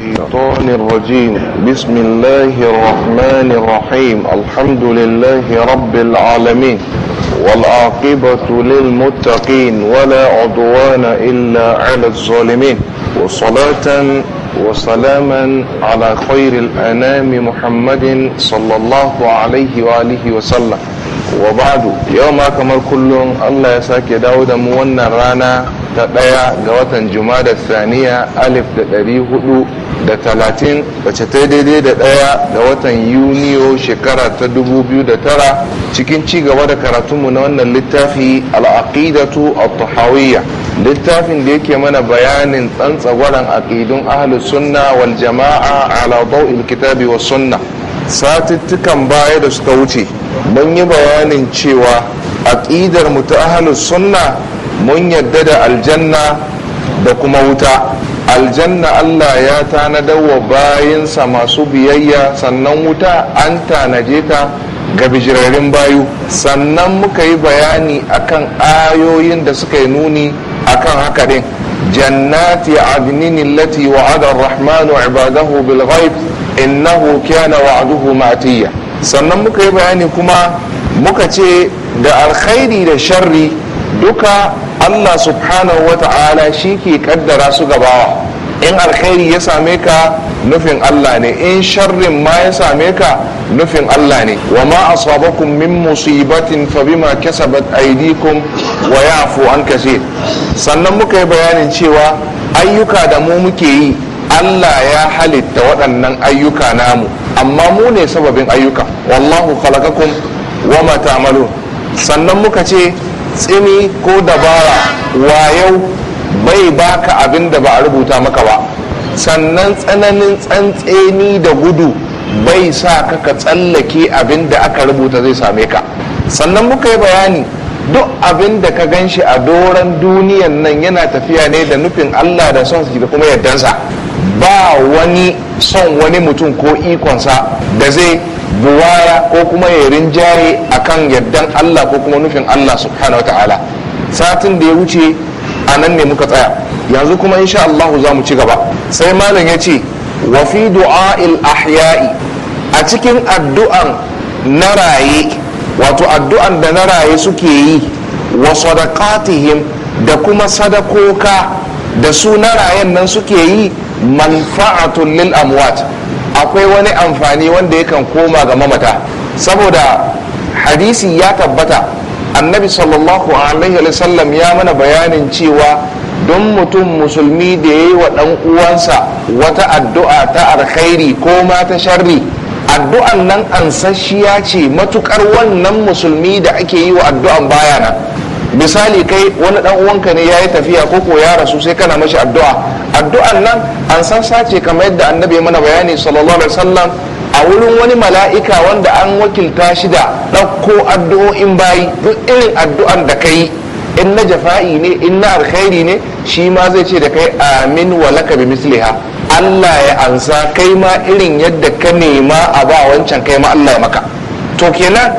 الشيطان الرجيم بسم الله الرحمن الرحيم الحمد لله رب العالمين والعاقبة للمتقين ولا عدوان إلا على الظالمين وصلاة وسلاما على خير الأنام محمد صلى الله عليه وآله وسلم وبعد يوم كمر كل الله يساك داود مونا رانا ta جواتا جمادة الثانية ألف saniya da talatin wacce ta daidai da ɗaya da watan yuniyo shekara ta da tara cikin cigaba da karatunmu na wannan littafi al'aqidatu a tahawiyya littafin da yake mana bayanin tsantsagwaran aƙidun ahlus sunna wal jama'a ala dawil kitabi was sunna satuttukan baya da suka wuce mun yi bayanin cewa aqidar mu ta ahlus sunna mun yadda da aljanna da kuma wuta aljanna Allah ya tanadar wa bayinsa masu biyayya sannan wuta an tanaje ta ga bijirarin bayu sannan muka yi bayani akan ayoyin da suka yi nuni akan haka din jannati adnin lati wa'ada ar-rahmanu ibadahu bil ghaib innahu kana wa'duhu ma'tiya sannan muka yi bayani kuma muka ce da alkhairi da sharri duka Allah subhanahu wa ta'ala shi ke kaddara su gabawa in alkhairi ya same ka nufin Allah ne in sharrin ma ya same ka nufin Allah ne wa ma asabakum min musibatin fa bima kasabat aydikum wa yafu an kaseer sannan muka yi bayanin cewa ayyuka da mu muke yi Allah ya halitta waɗannan ayyuka namu amma mu ne sababin ayyuka wallahu khalaqakum wa ma ta'malun sannan muka ce tsini ko dabara wayau bai baka abin da ba a rubuta maka ba sannan tsananin tsantseni da gudu bai sa ka ka tsallake abin da aka rubuta zai same ka sannan muka yi bayani duk abin da ka gan shi a doron duniyan nan yana tafiya ne da nufin allah da son da kuma yardansa ba wani son wani mutum ko ikonsa da zai buwaya ko kuma ya rinjaye kan yardan allah ko kuma nufin allah subhanahu wa ta'ala satin da ya wuce a nan ne muka tsaya yanzu kuma insha Allah za mu ci gaba sai malam ya ce wa fi du'a'il ahya'i a cikin addu'an na raye wato addu'an da na raye suke yi wa sadaqatihim da kuma sadakoka da su na rayen nan suke yi manfa'atun lil amwat akwai wani amfani wanda yakan koma ga mamata saboda hadisi ya tabbata annabi sallallahu alaihi sallam ya mana bayanin cewa don mutum musulmi da ya yi wa ɗan uwansa wata addu'a ta alkhairi ko ma ta sharri addu'an nan ansasshiya ce matukar wannan musulmi da ake yi wa addu'an baya nan misali kai wani dan uwanka ne yayi tafiya ko ko ya rasu sai kana mashi addu'a addu'an nan an san sace kamar yadda annabi mana bayani sallallahu alaihi wasallam a wurin wani mala'ika wanda an wakilta shi da ɗauko addu'o'in bayi duk irin addu'an da ka yi in na jafa'i ne in na alkhairi ne shi ma zai ce da kai amin wa laka bi misliha Allah ya ansa kai ma irin yadda ka nema a ba wancan kai ma Allah ya maka to kenan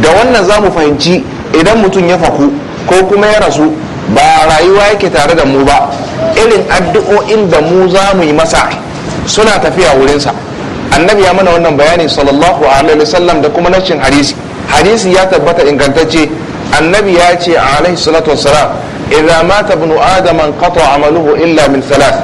da wannan za mu fahimci idan mutum ya faku ko kuma ya rasu ba rayuwa yake tare da mu ba irin addu'o'in da mu za mu yi masa suna tafiya wurinsa annabi ya mana wannan bayani sallallahu alaihi wasallam da kuma nashin hadisi hadisi ya tabbata ingantacce annabi ya ce alaihi salatu wassalam idza mata adam an qata amaluhu illa min thalath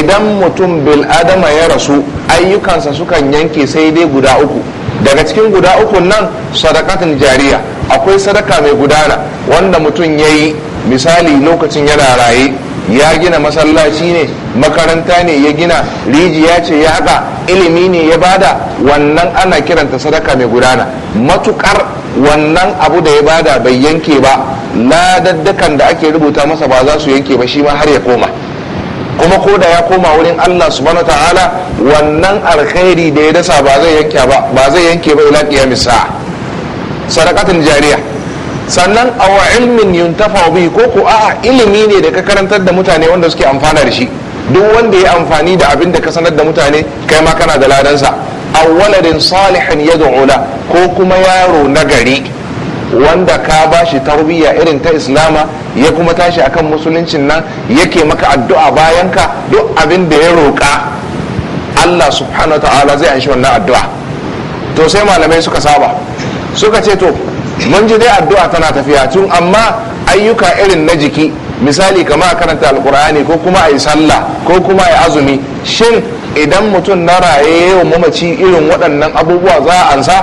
idan mutum bil adama ya rasu ayyukansa sukan yanke sai dai guda uku daga cikin guda uku nan sadakatun jariya akwai sadaka mai gudana wanda mutum ya yi misali lokacin yana raye ya gina masallaci ne makaranta ne ya gina rijiya ce ya haka ilimi ne ya bada wannan ana kiranta sadaka mai gudana matukar wannan abu da ya bada bai yanke ba Na ladaddakan da ake rubuta masa ba za su yanke ba shi ma har ya koma kuma ko da ya koma wurin Allah subhanahu ta'ala wannan alkhairi da ya dasa ba zai yanke ba ba zai yanke ba ila qiyamis sa'a sadaqatul jariya sannan a ilmin yuntafa bi ko ku a'a ilimi ne da ka karantar da mutane wanda suke amfana da shi duk wanda ya amfani da abin da ka sanar da mutane kai ma kana da ladansa A waladin salihin yad'u ola ko kuma yaro nagari wanda ka bashi shi tarbiyya irin ta islama ya kuma tashi akan musuluncin nan yake maka addu'a bayan ka duk abin da ya roƙa Allah subhanahu wa ta'ala zai anshi wannan addu'a to sai malamai suka saba suka ce to mun ji dai addu'a tana tafiya tun amma ayyuka irin na jiki misali kama a karanta alkur'ani ko kuma a yi sallah ko kuma a yi azumi shin idan mutum na raye yau mamaci irin waɗannan abubuwa za a ansa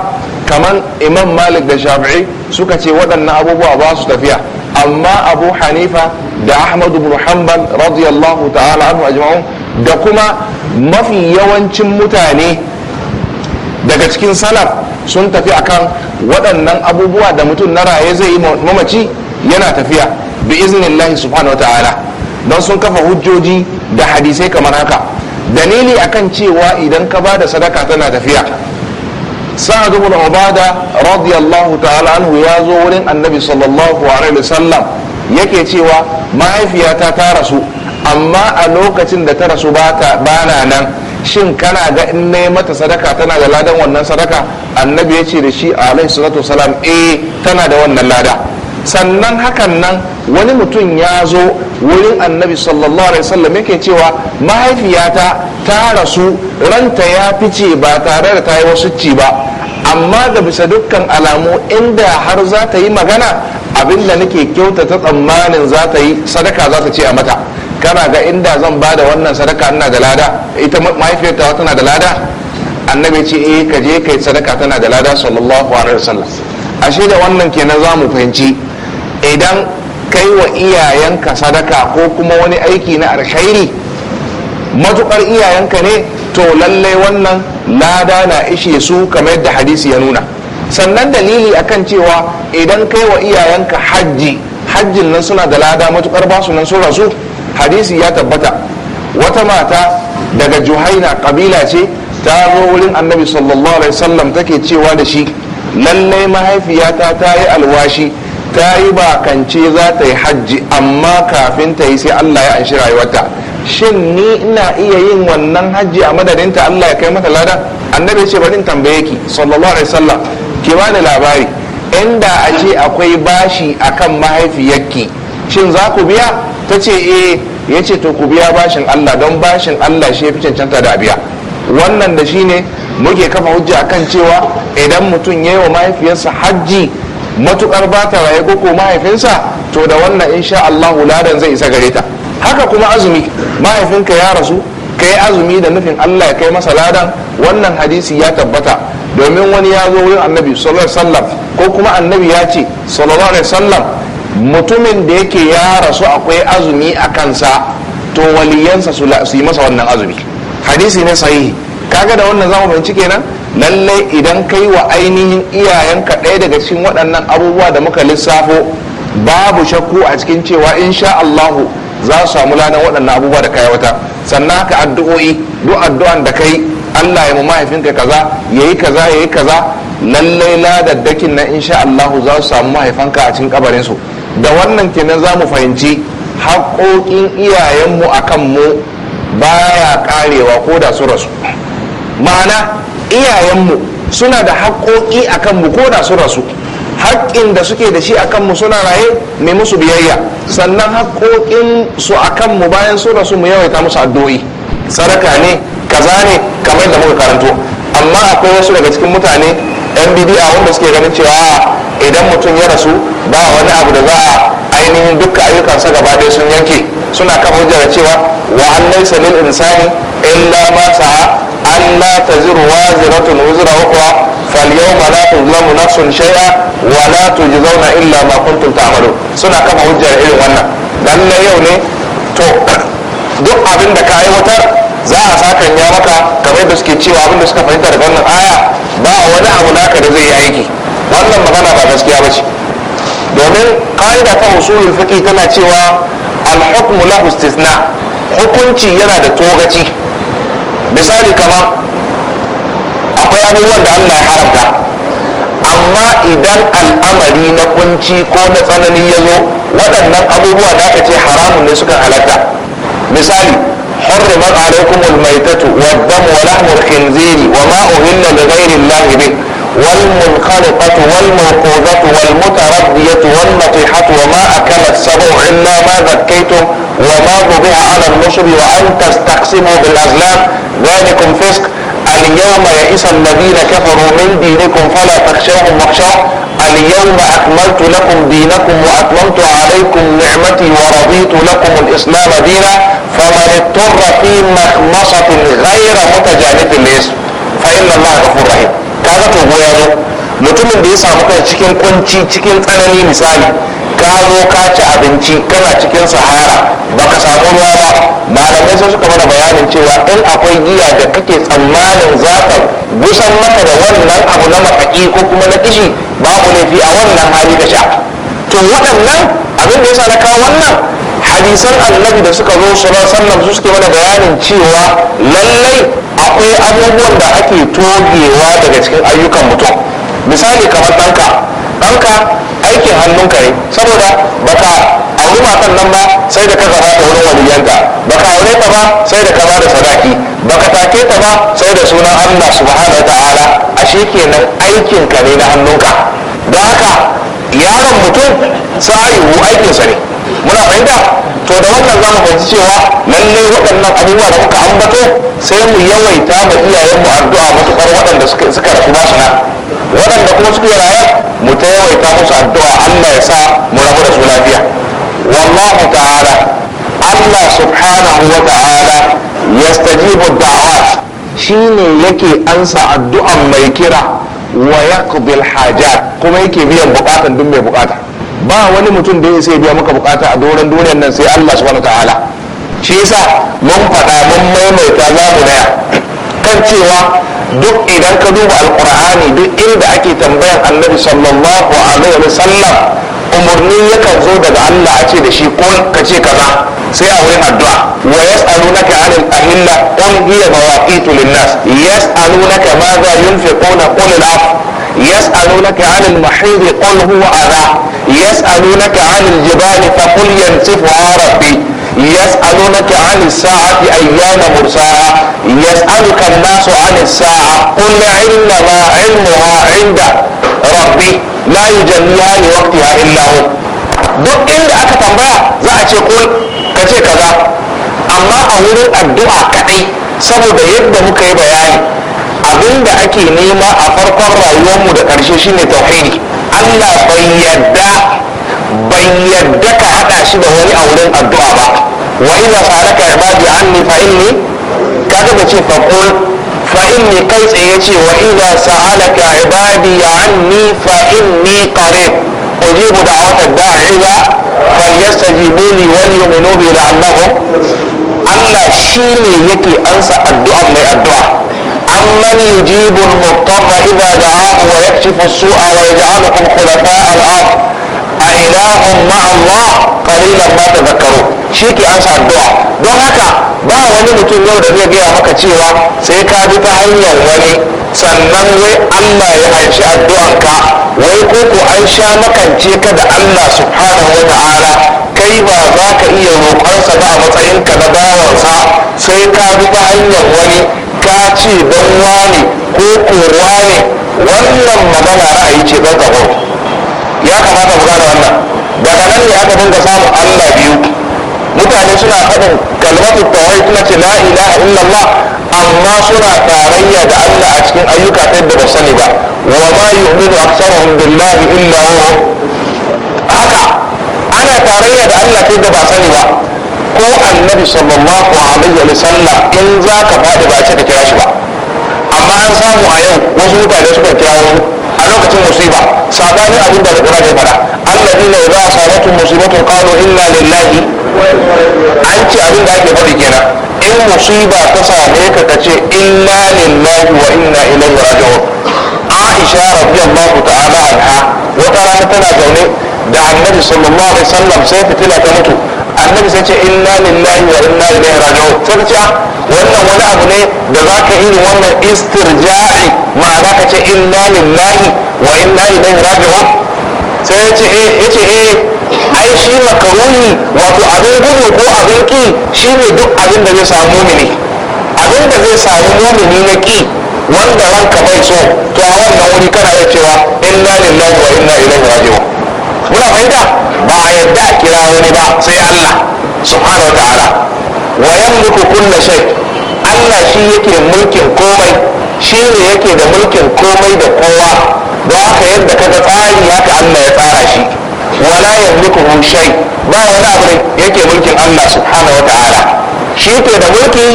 kamar imam malik da shafi'i suka ce waɗannan abubuwa ba su tafiya amma abu hanifa da ahmad ibn hanbal radiyallahu ta'ala anhu ajma'un da kuma mafi yawancin mutane daga cikin salaf sun tafi akan waɗannan abubuwa da mutum na raye zai yi mamaci yana tafiya bi iznillahi subhanahu wataala don sun kafa hujjoji da hadisai kamar haka dalili akan cewa idan ka ba da sadaka tana tafiya sa'ad ibn ubada radiyallahu ta'ala anhu ya zo wurin annabi sallallahu alaihi wasallam yake cewa mahaifiyata ta rasu amma a lokacin da ta rasu ba na nan shin kana ga in na mata sadaka tana da ladan wannan sadaka annabi ya ce da shi a alaihi salatu salam eh tana da wannan lada sannan hakan nan wani mutum ya zo wurin annabi sallallahu alaihi wasallam yake cewa mahaifiyata ta rasu ranta ya fice ba tare da ta yi wasu ci ba amma da bisa dukkan alamu inda har za ta yi magana abinda nake kyautata tsammanin za ta yi sadaka za ta ce a mata kana ga inda zan ba da wannan sadaka ina da lada ita mahaifiyarta tana da lada annabi ce eh ka je kai sadaka tana da lada sallallahu alaihi wasallam ashe da wannan kenan za mu fahimci idan kai wa iyayenka sadaka ko kuma wani aiki na alkhairi matukar iyayenka ne to lallai wannan lada na ishe su kamar yadda hadisi ya nuna sannan dalili akan cewa idan kai wa iyayenka hajji hajjin nan suna da lada matukar basu nan sun rasu hadisi ya tabbata wata mata daga juhaina kabila ce ta zo wurin annabi sallallahu alaihi wasallam take cewa da shi lallai mahaifiyata ta yi alwashi ta yi bakance za ta yi hajji amma kafin ta yi sai allah ya anshi rayuwarta shin ni ina iya yin wannan hajji a madadinta allah ya kai mata lada annabi ce bari tambaye ki sallallahu alaihi wasallam ki bani labari inda a ce akwai bashi akan mahaifiyarki shin za ku biya ta ce e ya ce to ku biya bashin Allah don bashin Allah shi ya fi cancanta da biya wannan da shine muke kafa hujja a kan cewa idan mutum ya yi wa mahaifiyarsa hajji matukar ba ta raye ko mahaifinsa to da wannan in insha Allah ladan zai isa gare ta haka kuma azumi mahaifinka ya rasu ka yi azumi da nufin Allah ya kai masa ladan wannan hadisi ya tabbata domin wani ya zo wurin annabi sallallahu alaihi wasallam ko kuma annabi ya ce sallallahu alaihi wasallam mutumin da yake ya rasu akwai azumi a kansa to waliyansa su yi masa wannan azumi hadisi ne sahihi kaga da wannan zamu bincike kenan lallai idan kai wa ainihin iyayenka ɗaya daga cikin waɗannan abubuwa da muka lissafo babu shakku a cikin cewa insha Allahu za su samu ladan waɗannan abubuwa da kai sannan ka addu'o'i duk addu'an da kai Allah ya mu mahaifinka kaza yayi kaza yayi kaza lallai ladaddakin na insha Allahu za su samu mahaifanka a cikin kabarin su da wannan kenan za mu fahimci haƙoƙin iyayenmu a kanmu ya ƙarewa ko da su rasu ma'ana iyayenmu suna da haƙoƙi a kanmu ko da su rasu haƙƙin da suke da shi a kanmu suna raye mai musu biyayya sannan haƙoƙin su a kanmu bayan su rasu mu yawaita musu addu'o'i sadaka ne kaza ne kamar da muka karanto amma akwai wasu daga cikin mutane yan bidi'a wanda suke ganin cewa idan mutum ya rasu ba wani abu da za a ainihin dukkan ayyukansa gaba ɗaya sun yanke suna kan hujjar cewa wa an laysa lil insani illa ma sa'a an la taziru waziratun wuzra ukhra fal yawma la tuzlamu nafsun shay'a wa la tujzauna illa ma kuntum ta'malun suna kama hujjar irin wannan dan yau ne to duk abin da ka aiwatar za a sakan ya maka kamar da suke cewa abin da suka fahimta daga wannan aya ba wani abu naka da zai yi aiki wannan magana ba gaskiya ba ce domin ka'ida ta usulin fiki tana cewa al-hukmu istisna hukunci yana da togaci misali kamar akwai abubuwan da Allah ya haramta amma idan al'amari na kunci ko na tsanani ya zo waɗannan abubuwa da aka ce haramun ne suka halatta misali حرمت عليكم الميتة والدم ولحم الخنزير وما أهل لغير الله به والمنخنقة والموقوذة والمتردية والنطيحة وما أكل السبع إلا ما ذكيتم وما ذبح على النصب وأن تستقسموا بالأزلام ذلكم فسق اليوم يئس الذين كفروا من دينكم فلا تخشاهم واخشوه اليوم أكملت لكم دينكم وأتممت عليكم نعمتي ورضيت لكم الإسلام دينا فمن اضطر في مخمصة غير متجانف الاسم فإن الله غفور رحيم ga togo ya zo mutumin da ya samu kan cikin kunci cikin tsanani misali ka zo ka ci abinci kana cikin sahara ba ka samu ruwa ba malamai sun suka mana bayanin cewa in akwai giya da kake tsammanin za ka gusan maka da wannan abu na makaƙi ko kuma na kishi babu laifi a wannan hali ka sha to waɗannan abin da ya sa na kawo wannan hadisan annabi da suka zo sallallahu alaihi su suke mana bayanin cewa lallai akwai abubuwan da ake togewa daga cikin ayyukan mutum misali kamar ɗanka ɗanka aikin hannunka ne saboda baka auri matan nan ba sai da ka zama da wurin waliyanka baka aure ta ba sai da ka ba da sadaki baka take ta ba sai da sunan Allah subhanahu ta'ala a kenan aikin ka ne na hannunka don haka yaron mutum haihu aikinsa ne muna fahimta to da wannan za mu fahimci cewa lallai waɗannan abubuwa da muka ambato sai mu yawaita ma iyayenmu addu'a matuƙar waɗanda suka rasu ba suna waɗanda kuma suke raya mu ta yawaita musu addu'a Allah ya sa mu rabu da su lafiya wallahu ta'ala Allah subhanahu wa ta'ala yastajibu da'awat shine yake ansa addu'an mai kira wa yaqbil hajat kuma yake biyan bukatan duk mai bukata ba wani mutum da ya sai biya maka bukata a doron duniyar nan sai Allah subhanahu ta'ala shi yasa mun faɗa mun maimaita za mu daya kan cewa duk idan ka duba alkur'ani duk inda ake tambayan annabi sallallahu alaihi wa sallam umarni yakan zo daga Allah a ce da shi ko ka ce kaza sai a wurin addu'a wa yas'alunaka 'anil ahilla qul hiya mawaqitu lin-nas yas'alunaka madha yunfiquna qul al af يسألونك عن المحيض قل هو أذى يسألونك عن الجبال فقل ينسفها ربي يسألونك عن الساعة أيام مرساها يسألك الناس عن الساعة قل علمها علمها عند ربي لا يجليها لوقتها إلا هو duk inda aka tambaya za a ce kul ka ce kaza amma a wurin addu'a kaɗai saboda yadda muka yi bayani abinda ake nema a farkon rayuwarmu da ƙarshe shine tauhidi Allah bai yadda bai yadda ka haɗa shi da wani a wurin addu'a ba wa ina saraka ibadi anni fa inni kaga ba ce fa qul fa inni kai tsaye ce wa ina sa'alaka ibadi anni fa inni qarib ujibu da'wata da'iya falyastajibu li wal yu'minu bi la'allahum Allah shine yake ansa addu'a mai addu'a أمن يجيب المضطر إذا دعاه ويكشف السوء ويجعلكم خلفاء الأرض أإله مع الله قليلا ما تذكروا shi ke الدعاء addu'a don haka ba wani mutum yau da zai gaya maka cewa sai ka bi ta hanyar wani sannan wai allah ya anshi addu'anka wai ko ko an sha makance ka da allah subhanahu wa ta'ala kai ba za ka iya roƙonsa ba a matsayinka na bawansa sai ka bi ta hanyar wani ce don wane ko kowa ne wannan magana ra'ayi ce don kafo ya kamata mu gane wannan daga nan ne aka dinga samun allah biyu mutane suna faɗin kalmatu tawai suna ce la ilaha illallah amma suna tarayya da allah a cikin ayyuka ta yadda ba sani ba wa ma yu'minu aktsaruhum billahi illa huwa haka ana tarayya da allah ta yadda ba sani ba ko annabi sallallahu alaihi wa sallam in za ka faɗi ba ce ka kira shi ba amma an samu a yau wasu mutane suka kira wasu a lokacin musiba sabani abin da kura ne za a samu tun musibatun kano illa lillahi an ce abin da ake faɗi kenan in musiba ta same ka ka ce illa lillahi wa inna ilaihi raji'un aisha radiyallahu ta'ala anha wata rana tana zaune da annabi sallallahu alaihi sallam sai fitila ta mutu annabi sai ce inna lillahi wa inna ilaihi raji'un sai ce ah, wannan wani abu ne da za ka irin wannan istirja'i ma ka ce inna lillahi wa inna ilaihi raji'un sai ya ce eh ya ce eh ai shi makaruni wato abin gudu ko abin ki shi ne duk abin da zai samu mumini abin da zai samu mumini na ki wanda ranka bai so to a wannan wuri kana iya cewa inna lillahi wa inna ilaihi raji'un muna fahimta ba a yadda a kira wani ba sai Allah subhanahu wa ta'ala wa yamliku kulla shay Allah shi yake mulkin komai shi ne yake da mulkin komai da kowa don haka yadda kaga tsari haka Allah ya tsara shi wala yamliku shay ba wani abu ne yake mulkin Allah subhanahu wa ta'ala shi yake da mulki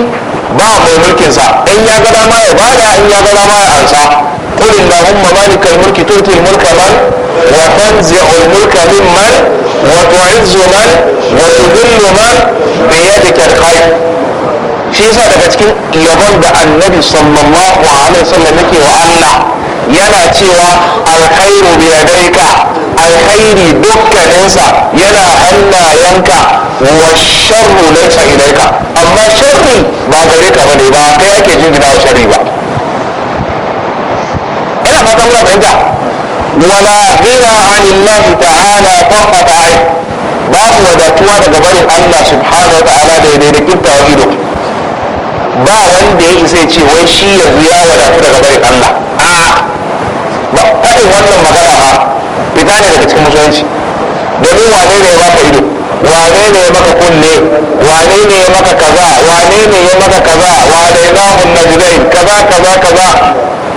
ba mai mulkin sa in ya ga dama ya bada in ya gada ma ya ansa قل اللهم مالك الملك تؤتي الملك من وتنزع الملك ممن وتعز من وتذل من بيدك الخير شيء صار بتكين يظن النبي صلى الله عليه وسلم كي وأنا ينا تيوا الخير بيدك الخير دك ننسى ينا أنا ينكا والشر ليس إليك أما الشر ما غيرك من إذا كيك يجي من الشر fata muna fahimta wala ghina anillahi ta'ala tarfata ayn babu wadatuwa daga barin Allah subhanahu wa ta'ala da daidai da kinta wa ido ba wanda ya isa ce wai shi yanzu ya wadatu daga barin Allah a ba faɗin wannan magana ba fita ne daga cikin musulunci domin wane ne ya baka ido wane ne ya maka kunne wane ne ya maka kaza wane ne ya maka kaza wane na hun najdain kaza kaza kaza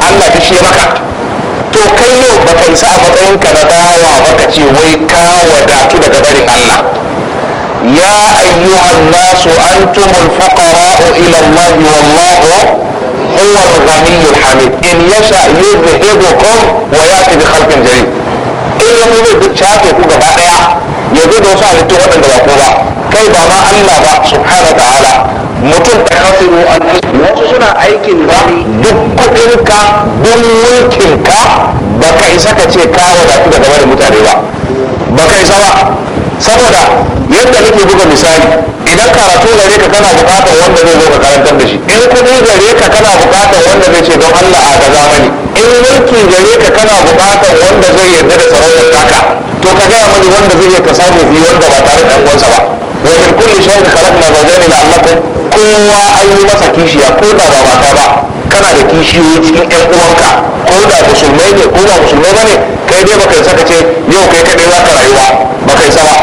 Allah ta shi maka to kai yau ba kai sa matsayin ka na dawa ba ka ce wai ka wadatu daga barin Allah ya ayyuhan nasu antumul fuqara'u ila Allah wallahu هو الغني الحميد ان يشاء يذهبكم وياتي بخلق جديد in ya zo zai duk shafe ku gaba daya ya da wasu halittu waɗanda ba ko ba kai ba ma Allah ba subhanahu ta'ala mutum da kasiru an wasu suna aikin ba duk kuɗinka duk mulkinka ba ka isa ka ce ka wadatu da gaba da mutane ba ba ka isa ba saboda yadda nake buga misali idan karatu gare ka kana bukatar wanda zai zo ka karantar da shi in kuɗi gare ka kana bukatar wanda zai ce don Allah a ga zamani in mulki gare ka kana bukatar wanda zai yarda da sarautar taka to ka gaya mani wanda zai ka samu fi wanda ba tare da ɗan ba ومن كل شيء خلقنا زوجين alaƙa kowa an yi masa kishiya ko da ba mata ba kana da kishiyoyi cikin yan uwanka ko da musulmai ne ko musulmai ba ne kai dai baka isa ka ce yau kai kaɗai za ka rayuwa baka isa ba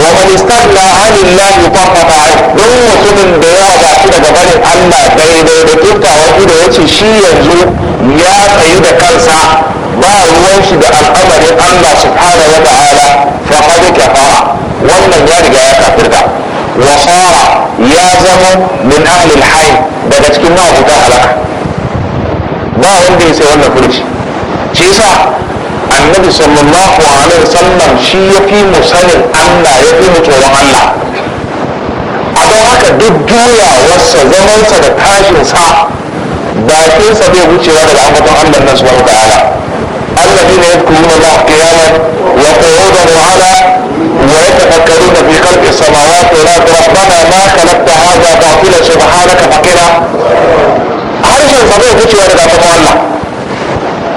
wa man istagna anil lahi faqata don mutumin da ya wadatu daga an Allah daidai da tuntawar da yace shi yanzu ya tsayu da kansa ba ruwan shi da al'amarin Allah subhanahu wa ta'ala faqad kafara wannan ya riga ya kafirta wa fara ya zama min ahlil hayy daga cikin mawafuta halaka ba wanda ya sai wannan furci shi yasa annabi sallallahu alaihi wasallam shi ya fi mu sanin Allah ya fi mu tsoron Allah a don haka duk juyawarsa zamansa da tashinsa bakinsa bai wucewa daga ambaton Allah na subhanahu wa ta'ala الذين يذكرون الله قياما وقعودا وعلى ويتفكرون في خلق السماوات والارض ربنا ما خلقت هذا باطلا سبحانك فقنا عارف الموضوع ده شو هذا تمام الله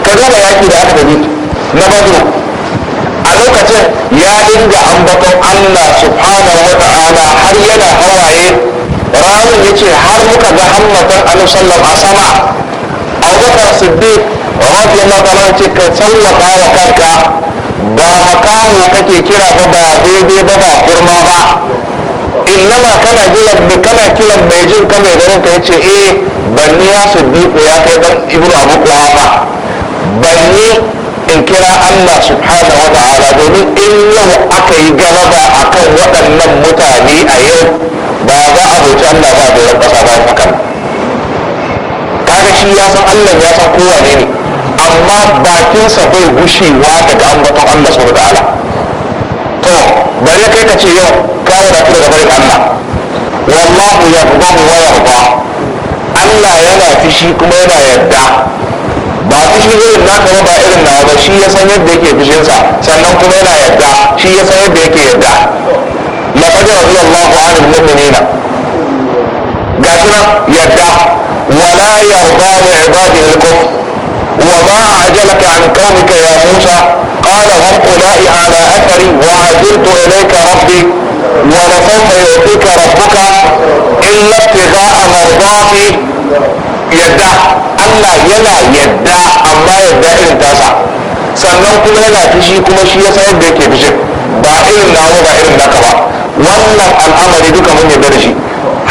كذا يا كده هذا بيت الوقت يا دنجا انبطو الله سبحانه وتعالى هل يلا هو ايه رامي يجي هل مكا جهنم تنقل صلى الله عليه وسلم أبو بكر الصديق amma sai tsara ce ka tallaka wa kanka ba makamu kake kira ba ba daidai ba ba kurma ba innama kana jiran da kana kiran mai jin ka mai garin ka yace eh banni ya su diko ya kai dan ibnu abu kuhafa banni in kira Allah subhanahu wa ta'ala domin in yau aka yi galaba akan waɗannan mutane a yau ba za a bauci Allah ba da ƙasa ba hakan kaga shi ya san Allah ya san kowane ne amma bakinsa bai gushewa daga ambaton Allah subhanahu ta'ala to bari kai ka ce yau ka yi rafi daga bari Allah wallahu gani wa yarda Allah yana fishi kuma yana yarda ba fushi irin na kuma ba irin na ba shi ya san yadda yake fushinsa sannan kuma yana yarda shi ya san yadda yake yarda laqad radiyallahu 'anil mu'minina gashi nan yarda wala yarda li 'ibadihi al-kufr وما عجلك عن قومك يا موسى قال هم أولئي على أثري وعزلت إليك ربي ولسوف يؤتيك ربك إلا ابتغاء مرضاتي يدع Allah yana yadda amma yadda irin tasa sannan kuma yana fishi kuma shi ya sayar da yake fishin ba irin namu ba irin naka ba wannan al'amari duka mun yadda da shi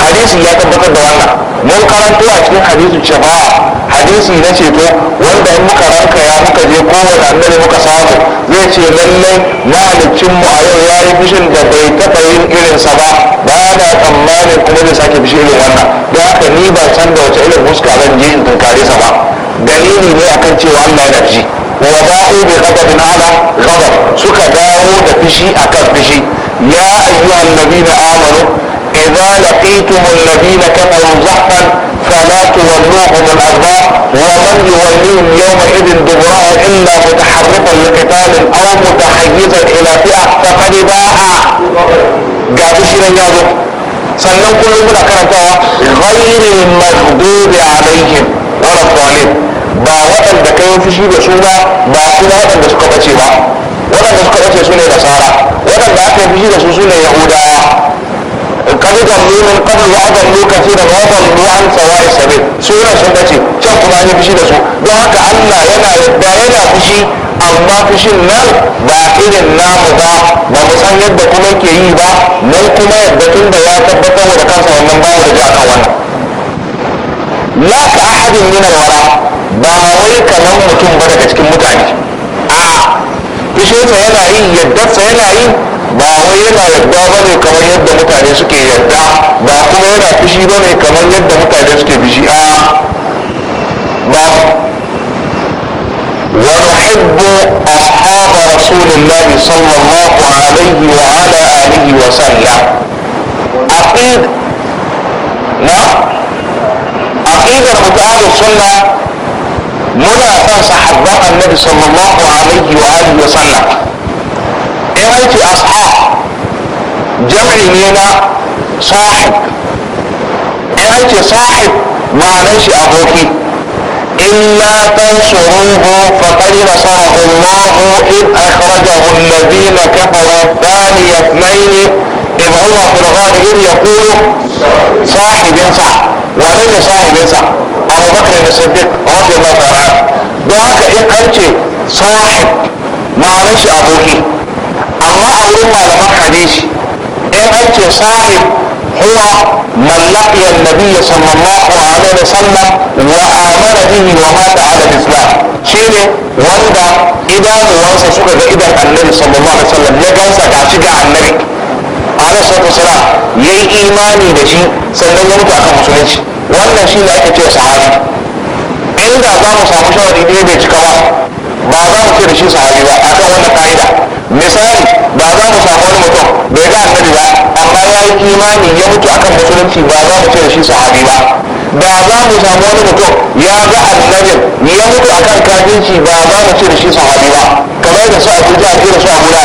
hadisi ya tabbatar da wannan mun karanto a cikin hadisi shafa'a hadisi na ceto wanda in muka ya muka je kowane annabi muka samu zai ce lallai malikin mu a yau ya yi bishin da bai taɓa yin irinsa ba ba da tsammanin kuma zai sake bishin irin wannan don haka ni ba san da wace irin fuska zan je in tunkare sa ba dalili ne akan cewa Allah ya fishi. wa ba'u bi ghadabin ala ghadab suka dawo da fishi akan fishi ya ayyuhan nabiyina amanu إذا لقيتم الذين كفروا زحفا فلا تولوهم الأدبار ومن يوليهم يومئذ دبراه إلا متحركا لقتال أو متحيزا إلى فئة فقد باع قالوا شيء لن يعدوا سنن كل من أكرمتها غير المغضوب عليهم ولا الظالم با وطن دكيو في شيء بسوما با كل وطن دسقطة شيء با وطن دسقطة شيء سنة نصارى وطن دكيو في شيء بسوما يهودا وقد ضلوا من قبل وأضلوا كثيرا وأضلوا عن سواء السبيل سورة سبتي can kuma an yi fushi da su don haka Allah yana yadda yana fushi amma fushin nan ba irin namu ba ba mu san yadda kuma yake yi ba mun kuma yadda tun da ya tabbatar da kansa wannan ba da jaka wannan la ka ahadin min alwara ba wai kaman mutum ba daga cikin mutane a fushinsa yana yi yaddarsa yana yi ba wai yana yadda ba ne kamar yadda mutane suke yadda ba kuma yana fushi ba ne kamar yadda mutane suke fushi a ba ونحب أصحاب رسول الله صلى الله عليه وعلى آله وسلم عقيد نعم عقيدة أهل السنة منا صحابة النبي صلى الله عليه وآله وسلم يأتي أصحاب جمع لنا صاحب يأتي صاحب ما نشي اخوك إلا تنصروه فقد نصره الله إذ أخرجه الذين كفروا ثاني اثنين إذ هو في الغار إذ يقول صاحب ينصح وليس صاحب ينصح أبو بكر الصديق رضي الله تعالى عنه ده إن صاحب ما عليش أبوكي amma a wurin malaman hadisi in an ce sahib huwa ya laqiya an a sallallahu da wasallam wa amana bihi wa mata ala al-islam shine wanda idanuwansa suka ga idan annabi sallallahu alaihi wasallam ya gansa ga shi ga annabi alaihi salatu wasalam yayi imani da shi sannan ya mutu akan musulunci wannan shi ne ake cewa sahabi inda za mu samu shawari ne bai cika ba ba za mu ce da shi sahabi ba akan wannan ka'ida misali ba za mu samu wani mutum bai ga annabi ba amma ya yi kimani ya mutu akan musulunci ba za mu ce shi sahabi ba ba za mu samu wani mutum ya ga annabin ya mutu akan kafinci ba za mu ce shi sahabi ba kamar da su abu a da su a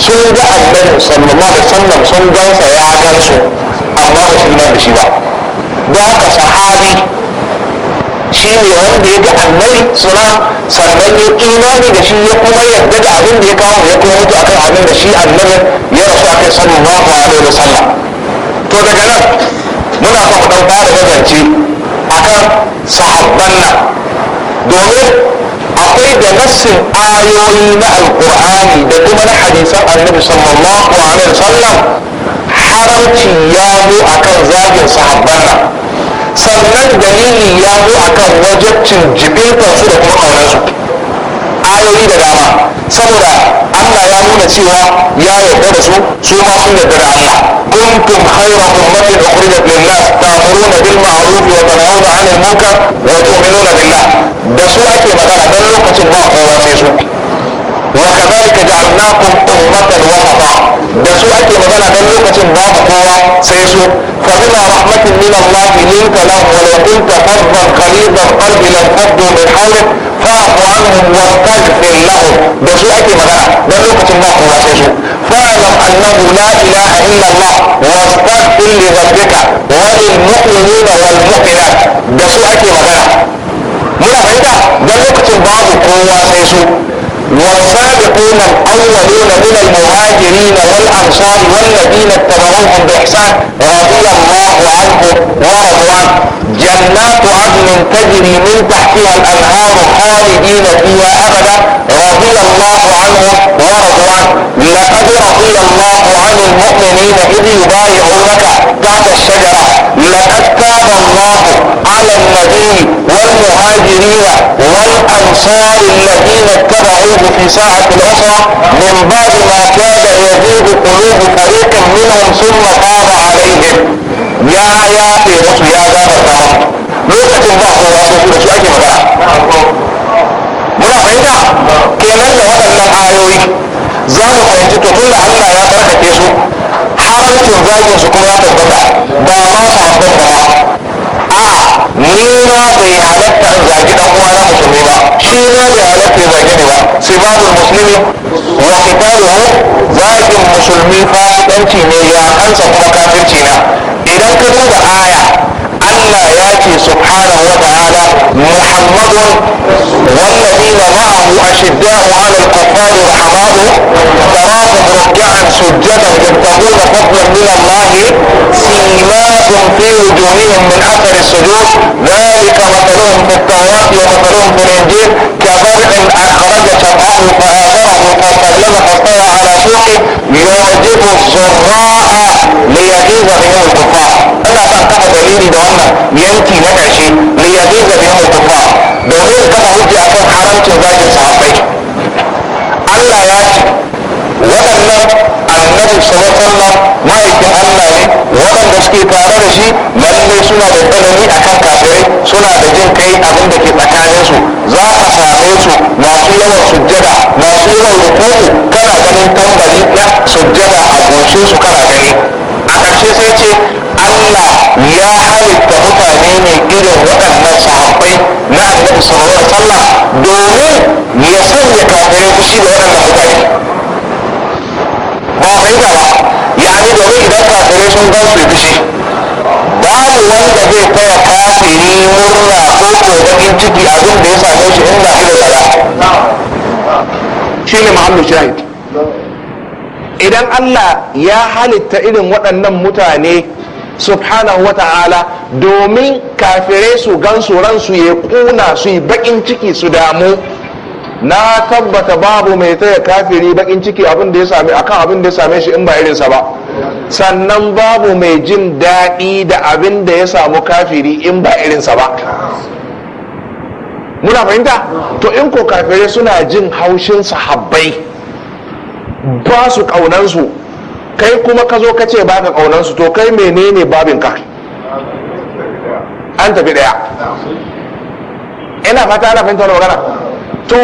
sun ga annabin sallallahu alaihi wasallam sun gansa ya gansu amma ba su da shi ba da haka sahabi shi ne wanda ya ga annabi suna sannan ya imani da shi ya kuma yarda da abin da ya kawo ya kuma mutu akan abin da shi annabi ya rasu a kai sallallahu alaihi wa to daga nan muna son dan fara gazance akan sahabban nan domin akwai da nassin ayoyi na alkur'ani da kuma na hadisan annabi sallallahu alaihi wa haramci ya zo akan zagin sahabban nan sannan dalili ya zo a kan wajen su da kuma kaunarsu ayoyi da dama saboda Allah ya nuna cewa ya yarda da su su ma sun yarda da Allah kuntum khayra ummatin ukhrijat lin nas ta'muruna bil ma'ruf wa tanhauna 'anil munkar wa tu'minuna billah da su ake magana dan lokacin ba kowa sai su وكذلك جعلناكم أمة وسطا da su ake magana don lokacin babu kowa sai su fa bima rahmatin min Allah linka lahum wa law kunta fardan qalidan qalbi lam faddu da su ake magana don lokacin babu kowa sai su fa'lam annahu la ilaha illa Allah wastaghfir li rabbika wa lil mu'minina wal da su ake magana muna don lokacin babu kowa sai su والسابقون الاولون من المهاجرين والانصار والذين اتبعوهم باحسان رضي الله عنهم ورضوا عنه جنات عدن تجري من تحتها الانهار خالدين فيها ابدا رضي الله عنهم ورضوا عنه لقد رضي الله عن المؤمنين اذ يبايعونك تحت الشجره لقد تاب الله على النبي والمهاجرين والانصار الذين اتبعوه في ساعه الاسره من بعد ما كاد يزيد قلوب فريق منهم ثم تاب عليهم ya yafe musu ya a musu lokacin ba kowa ko su da su ake magana muna fahimta kenan da waɗannan ayoyi za mu fahimci to tun da Allah ya barkake su haramcin zagin su kuma ya tabbata ba ma su haɓɓar a ni na bai halatta in zagi dan uwa na musulmi ba shi ma bai halatta zagi ni ba sibabul musulmi wa qitaluhu zagin musulmi fasikanci ne ya kansa kuma kafirci na idan ka duba aya Allah ya ce subhanahu wa ta'ala والذين معه أشداء على الكفار رحماء تراهم ركعا سجدا يبتغون فضلا من الله سيماهم في وجوههم من أثر السجود ذلك مثلهم في التوراة ومثلهم في الإنجيل كزرع أخرج شطأه فآثره فاستغلظ فاستوى على سوقه يعجب الزراء ليغيظ بهم الكفار. أنا تعتقد دليلي ده yanki na ƙarshe mai ya da biyan kufa domin kafa hujja akan haramcin zagin sahabbai Allah ya ce waɗannan annabi sallallahu ma'aikin Allah ne waɗanda suke tare da shi lalle suna da tsanani akan kafirai suna da jin kai abin da ke tsakaninsu za ka same su masu yawan sujjada masu yawan rukuku kana ganin tambari na sujjada a goshin su kana gani ƙarshe sai ce Allah ya halitta mutane ne irin waɗannan sahabbai na annabi sallallahu alaihi wasallam domin ya sanya kafirai fushi da waɗannan mutane ba fahimta ba yani domin idan kafirai sun gan su fushi babu wanda zai taya kafiri murna ko ko bakin ciki abin da ya same shi inda shi da tsada shi ne muhammad shahid idan Allah ya halitta irin waɗannan mutane subhanahu wa ta'ala domin kafirai su gansu ransu ya kuna su yi bakin ciki su damu na tabbata babu mai taya kafiri bakin ciki abin da ya same akan abin da ya same shi in ba irinsa ba sannan babu mai jin daɗi da abin da ya samu kafiri in ba irinsa ba muna fahimta to in ko kafirai suna jin haushin sahabbai ba su ƙaunansu kai kuma ka zo ka ce ba ka ƙaunansu to kai menene babin ka an tafi ɗaya ina fata ana fahimta magana to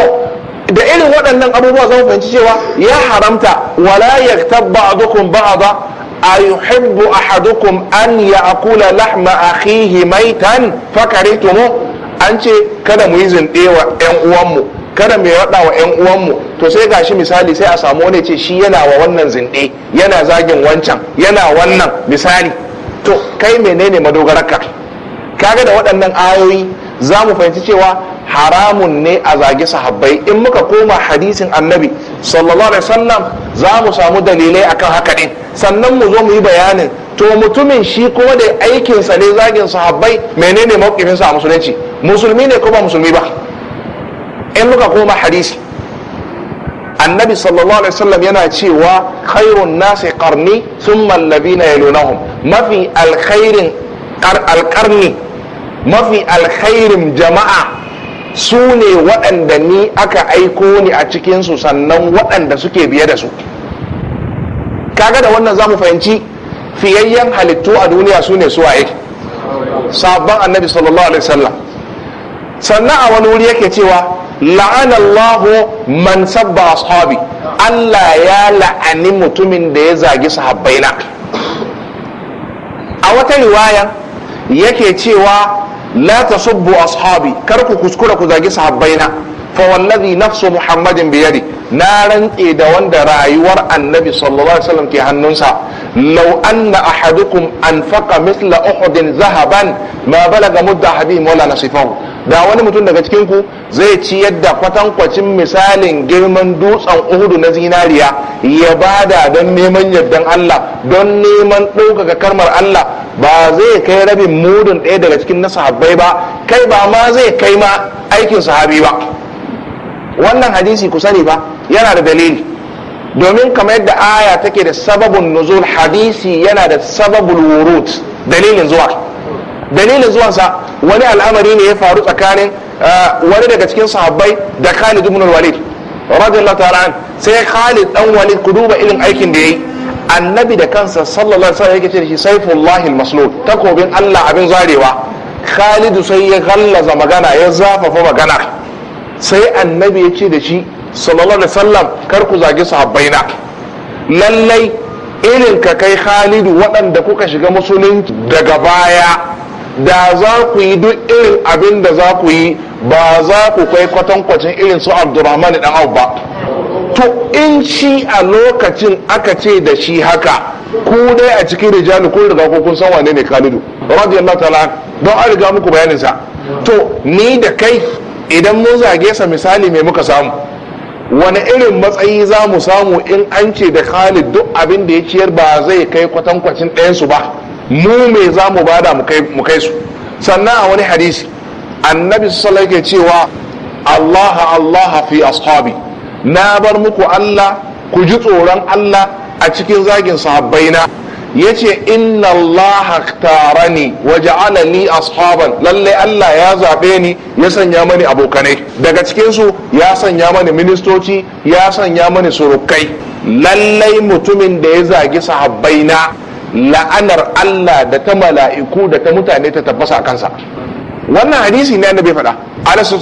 da irin waɗannan abubuwa zan fahimci cewa ya haramta wala yaktab ba'dukum ba'da أيحب أحدكم أن يأكل لحم أخيه an ce kada mu yi إيه yan uwanmu. kada mai raɗa wa 'yan uwanmu to sai gashi misali sai a samu wani ce shi yana wa wannan zinde yana zagin wancan yana wannan misali to kai menene madogararka kaga da waɗannan ayoyi za mu fahimci cewa haramun ne a zagi sahabbai in muka koma hadisin annabi sallallahu alaihi wasallam za mu samu dalilai akan haka ɗin sannan mu zo mu yi bayanin to mutumin shi kuma da aikinsa ne zagin sahabbai menene mawkifinsa a musulunci musulmi ne ko ba musulmi ba in muka koma hadisi annabi sallallahu alaihi wasallam yana cewa khairun nasi qarni thumma alladhina yalunahum mafi alkhairin alqarni mafi alkhairin jama'a su ne waɗanda ni aka aiko ni a cikinsu sannan waɗanda suke biye da su kaga da wannan za mu fahimci fiyayyen halittu a duniya su ne suwaye sabon annabi sallallahu alaihi wasallam sannan a wani wuri yake cewa la'anallahu man sabba ashabi Allah ya la'ani mutumin da ya zagi sahabbaina a wata riwaya yake cewa la tasubbu ashabi kar ku kuskura ku zagi sahabbaina fa wallazi nafsu muhammadin yadi na rantse da wanda rayuwar annabi sallallahu alaihi wasallam ke hannunsa law anna ahadukum anfaqa mithla uhudin zahaban ma balaga mudda habihim wala nasifahu da wani mutum daga cikinku zai ci yadda kwatankwacin misalin girman dutsen uhudu na zinariya ya bada don neman yardan Allah don neman ɗaukaka karmar Allah ba zai kai rabin mudun ɗaya daga cikin na sahabbai ba kai ba ma zai kai ma aikin sahabi ba wannan hadisi ku sani ba yana da dalili domin kamar yadda aya take da sababin nuzul hadisi yana da sababul wurud dalilin zuwa dalilin zuwansa wani al'amari ne ya faru tsakanin uh, wani daga cikin sahabbai da Khalid ibn Walid radiyallahu ta'ala sai Khalid dan Walid ku duba irin aikin da yayi annabi da kansa sallallahu alaihi wasallam yake ce shi saifullahi al takobin Allah abin zarewa Khalid sai ya gallaza magana ya zafafa magana sai annabi ya ce da shi sallallahu alaihi wasallam kar ku zagi sahabbaina lallai irin ka kai Khalidu waɗanda kuka shiga musulunci daga baya da za ku yi duk irin abin da za ku yi ba za ku kai kwatankwacin irin su abdurrahman dan abu ba to in shi a lokacin aka ce da shi haka ku dai a cikin rijali kun riga ko kun san wane ne kalidu radiyallahu ta'ala don an riga muku bayanin sa to ni da kai idan mun zage sa misali mai muka samu wani irin matsayi za mu samu in an ce da khalid duk abin da ya ciyar ba zai kai kwatankwacin ɗayansu ba mu me za mu bada mu kai su sannan a wani hadisi annabi sallallahu alaihi cewa Allah Allah fi ashabi na bar muku Allah ku ji tsoron Allah a cikin zagin sahabbaina yace inna Allah ikhtarani wa ja'ala li ashaban lalle Allah ya zabe ni ya sanya mani abokanai daga cikin su ya sanya mani ministoci ya sanya mani surukai lallai mutumin da ya zagi na. la'anar Allah da ta mala'iku da ta mutane ta tabbasa a kansa wannan hadisi ne annabi faɗa alaihi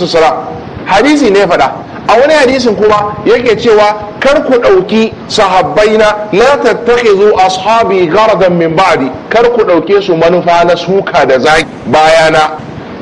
hadisi ne faɗa a wani hadisin kuma yake cewa kar ku ɗauki sahabbaina la tattakhidhu ashabi gharadan min ba'di kar ku ɗauke su manufa na suka da zaki bayana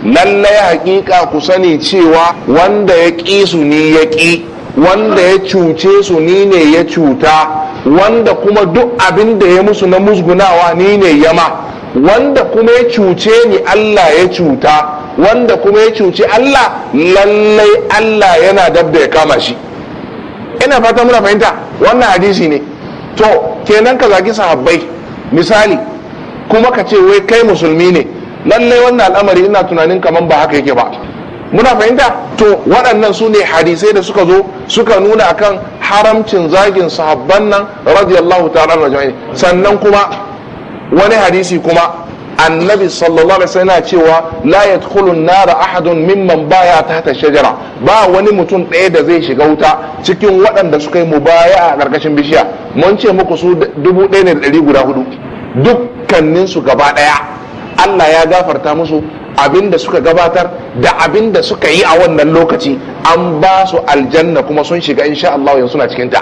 lallai haƙiƙa ku sani cewa wanda ya ƙi su ne ya ƙi wanda ya cuce su ni ne ya cuta wanda kuma duk abin da ya musu na musgunawa ni ne ma wanda kuma ya cuce ni Allah ya cuta wanda kuma ya cuce Allah lallai Allah yana dab da ya kama shi ina fata muna fahimta wannan hadisi ne to kenan ka zagi sahabbai misali kuma ka ce wai kai musulmi ne lallai wannan al'amari ina tunanin kaman ba haka yake ba muna fahimta to waɗannan su ne hadisai da suka zo suka nuna akan haramcin zagin sahabban nan radiyallahu ta'ala sannan kuma wani hadisi kuma annabi sallallahu alaihi wasallam cewa la yadkhulu an-nara ahadun mimman baya tahta shajara ba wani mutum ɗaya da zai shiga wuta cikin waɗanda suka yi mubaya a ƙarƙashin bishiya mun ce muku su dubu ɗaya ne da ɗari guda hudu dukkaninsu gaba ɗaya Allah ya gafarta musu abin da suka gabatar da abin da suka yi a wannan lokaci an ba su aljanna kuma sun shiga insha Allah yanzu suna cikin ta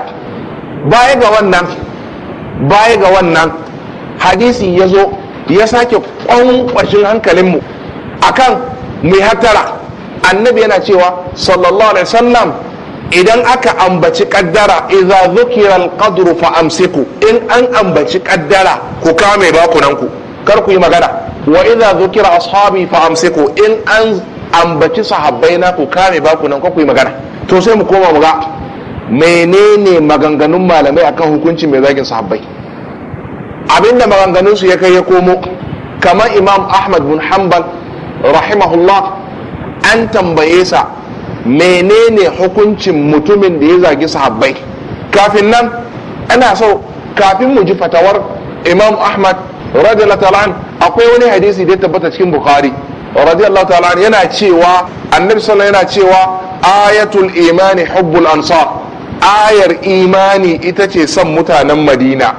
baya ga wannan baya ga wannan hadisi ya zo ya sake kwankwashin hankalinmu akan mai hatara annabi yana cewa sallallahu alaihi wasallam idan aka ambaci kaddara idza dhukira al-qadru fa amsiku in an ambaci kaddara ku kame bakunanku kar ku yi magana wa idza zukira ashabi fa amsiku in an ambaci sahabbai na ku kame baku nan ku yi magana to sai mu koma mu ga menene maganganun malamai akan hukuncin mai zagin sahabbai abinda maganganun su ya kai ya komo kamar imam ahmad bin hanbal rahimahullah an tambaye sa menene hukuncin mutumin da ya zagi sahabbai kafin nan ana so kafin mu ji fatawar imam ahmad radiyallahu ta'ala akwai wani hadisi da ya tabbata cikin bukhari radiyallahu ta'ala yana cewa annabi sallallahu yana cewa ayatul imani hubbul ansa, ayar imani ita ce son mutanen madina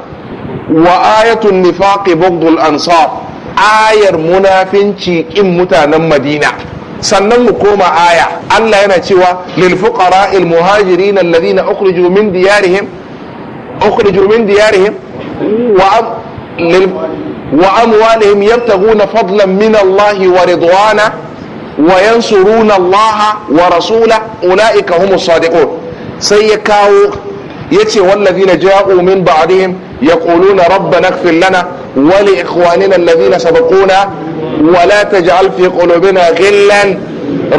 wa ayatul nifaƙi bughdul ansa ayar munafinci kin mutanen madina sannan mu koma aya Allah yana cewa lil fuqara'il muhajirin alladhina ukhriju min diyarihim ukhriju min diyarihim wa لل وأموالهم يبتغون فضلا من الله ورضوانه وينصرون الله ورسوله أولئك هم الصادقون سيكاو يتي والذين جاءوا من بعدهم يقولون ربنا اغفر لنا ولإخواننا الذين سبقونا ولا تجعل في قلوبنا غلا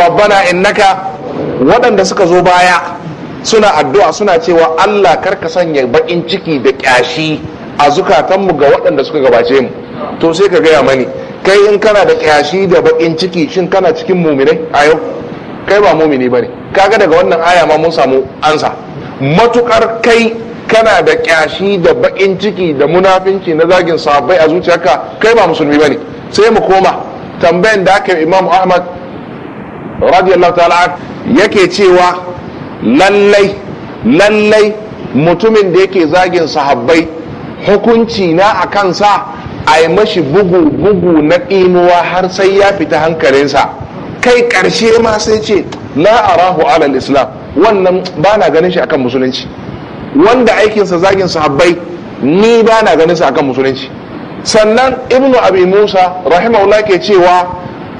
ربنا إنك ودن دسك زبايا سنة الدعاء سنة تيوى الله كركسن يبقين تكي بكاشي a zukatanmu ga waɗanda suka gabace mu to sai ka gaya mani kai in kana da ƙyashi da baƙin ciki shin kana cikin muminai a yau kai ba mumini bane kaga daga wannan aya ma mun samu ansa matukar kai kana da ƙyashi da baƙin ciki da munafinci na zagin sahabbai a zuciyarka kai ba musulmi bane sai mu koma tambayan da aka imam ahmad radiyallahu ta'ala yake cewa lallai lallai mutumin da yake zagin sahabbai hukunci na a kansa a yi mashi bugu-bugu na ɗinuwa har sai ya fita hankalinsa kai ƙarshe ma sai ce la arahu alal islam wannan ba na ganin shi akan musulunci wanda aikinsa zagin sahabbai ni ba na ganin sa akan musulunci sannan ibnu abi musa rahimahullah ke cewa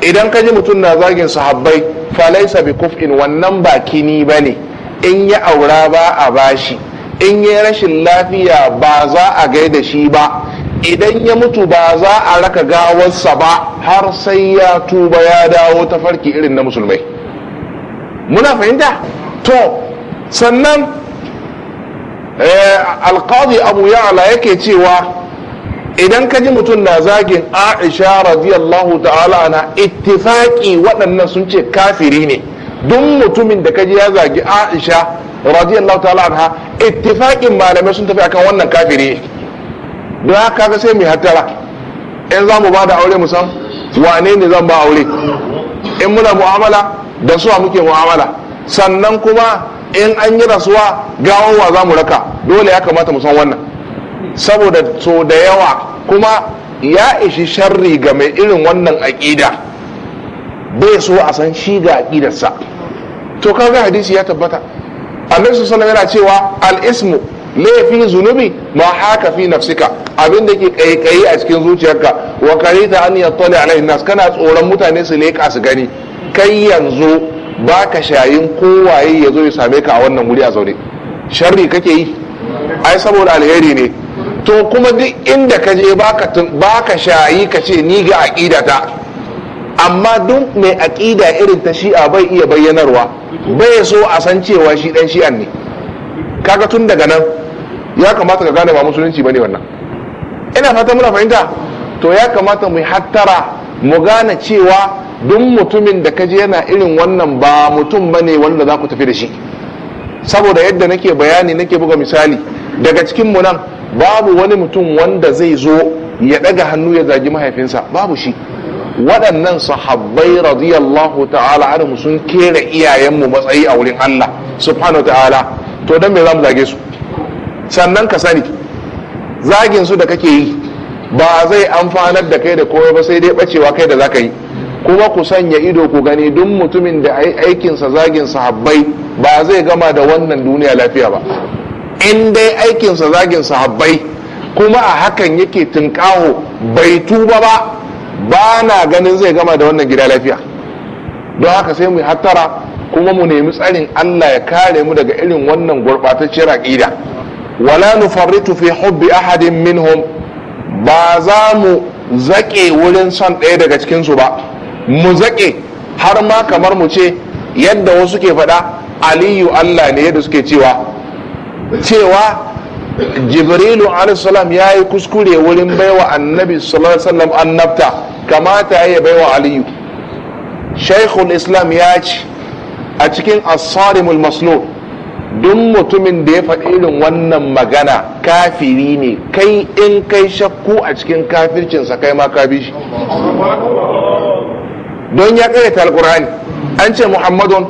idan ka ji mutum na zagin sahabbai falaisa bi kuf'in wannan ba kini bane in ya aura ba a bashi in yi rashin lafiya ba za a gaida shi ba idan ya mutu ba za a raka gawarsa ba har sai ya tuba ya dawo ta farki irin na musulmai muna fahimta to sannan eh, alkazi abu ya'ala yake cewa idan ka ji mutum na zagin aisha radiyallahu ta'ala na ittifaki waɗannan sun ce kafiri ne duk mutumin da ka ji ya zagi aisha radiyallahu ta'ala anha ittifaqin malamai sun tafi akan wannan kafiri don haka ga sai mu hattara in za ba da aure mu san wane ne zan ba aure in muna mu'amala da suwa muke mu'amala sannan kuma in an yi rasuwa gawowa za mu raka dole ya kamata mu san wannan saboda so da yawa kuma ya ishi sharri ga mai irin wannan aƙida bai so a san shi ga aƙidarsa to kaga hadisi ya tabbata annabi sallallahu yana cewa al'ismu, ismu laifin zunubi ma haka fi nafsika abin da ke kaikayi a cikin zuciyarka wa karita an yattali nas kana tsoron mutane su leka su gani kai yanzu baka shayin kowaye ya zo ya same ka a wannan wuri a zaune sharri kake yi ai saboda alheri ne to kuma duk inda ka je baka shayi ka ce ni ga aƙidata amma duk mai aƙida irin ta shi'a bai iya bayyanarwa bai so a san cewa shi ɗan shi'an ne kaga tun daga nan ya kamata ka gane ba musulunci bane wannan ina fata muna fahimta to ya kamata mu hattara mu gane cewa duk mutumin da kaje yana irin wannan ba mutum bane wanda za ku tafi da shi saboda yadda nake bayani nake buga misali daga cikin mu nan babu wani mutum wanda zai zo ya ɗaga hannu ya zagi mahaifinsa babu shi waɗannan sahabbai radiyallahu ta'ala anhu sun kera iyayenmu matsayi a wurin Allah subhanahu ta'ala to dan me zamu zage su sannan ka sani zagin su da kake yi ba zai amfanar da kai da kowa ba sai dai bacewa kai da zaka yi kuma ku sanya ido ku gani duk mutumin da aikinsa zagin sahabbai ba zai gama da wannan duniya lafiya ba in dai aikinsa zagin sahabbai kuma a hakan yake tunƙaho bai tuba ba ba na ganin zai gama da wannan gida lafiya don haka sai mu yi hattara kuma mu nemi tsarin Allah ya kare mu daga irin wannan gurɓatacciyar aƙida wala nufarritu fi hubbi ahadin minhum ba za mu zaƙe wurin son ɗaya daga cikinsu ba mu zaƙe har ma kamar mu ce yadda wasu ke faɗa aliyu Allah ne yadda suke cewa cewa jibrilu alaihissalam ya yi kuskure wurin baiwa annabi sallallahu alaihi annabta kamata ya baiwa aliyu shaikhul islam ya ci a cikin asarimul maslo duk mutumin da ya faɗi irin wannan magana kafiri ne kai in kai shakku a cikin kafircinsa kai ma ka shi don ya karyata alkur'ani an ce muhammadun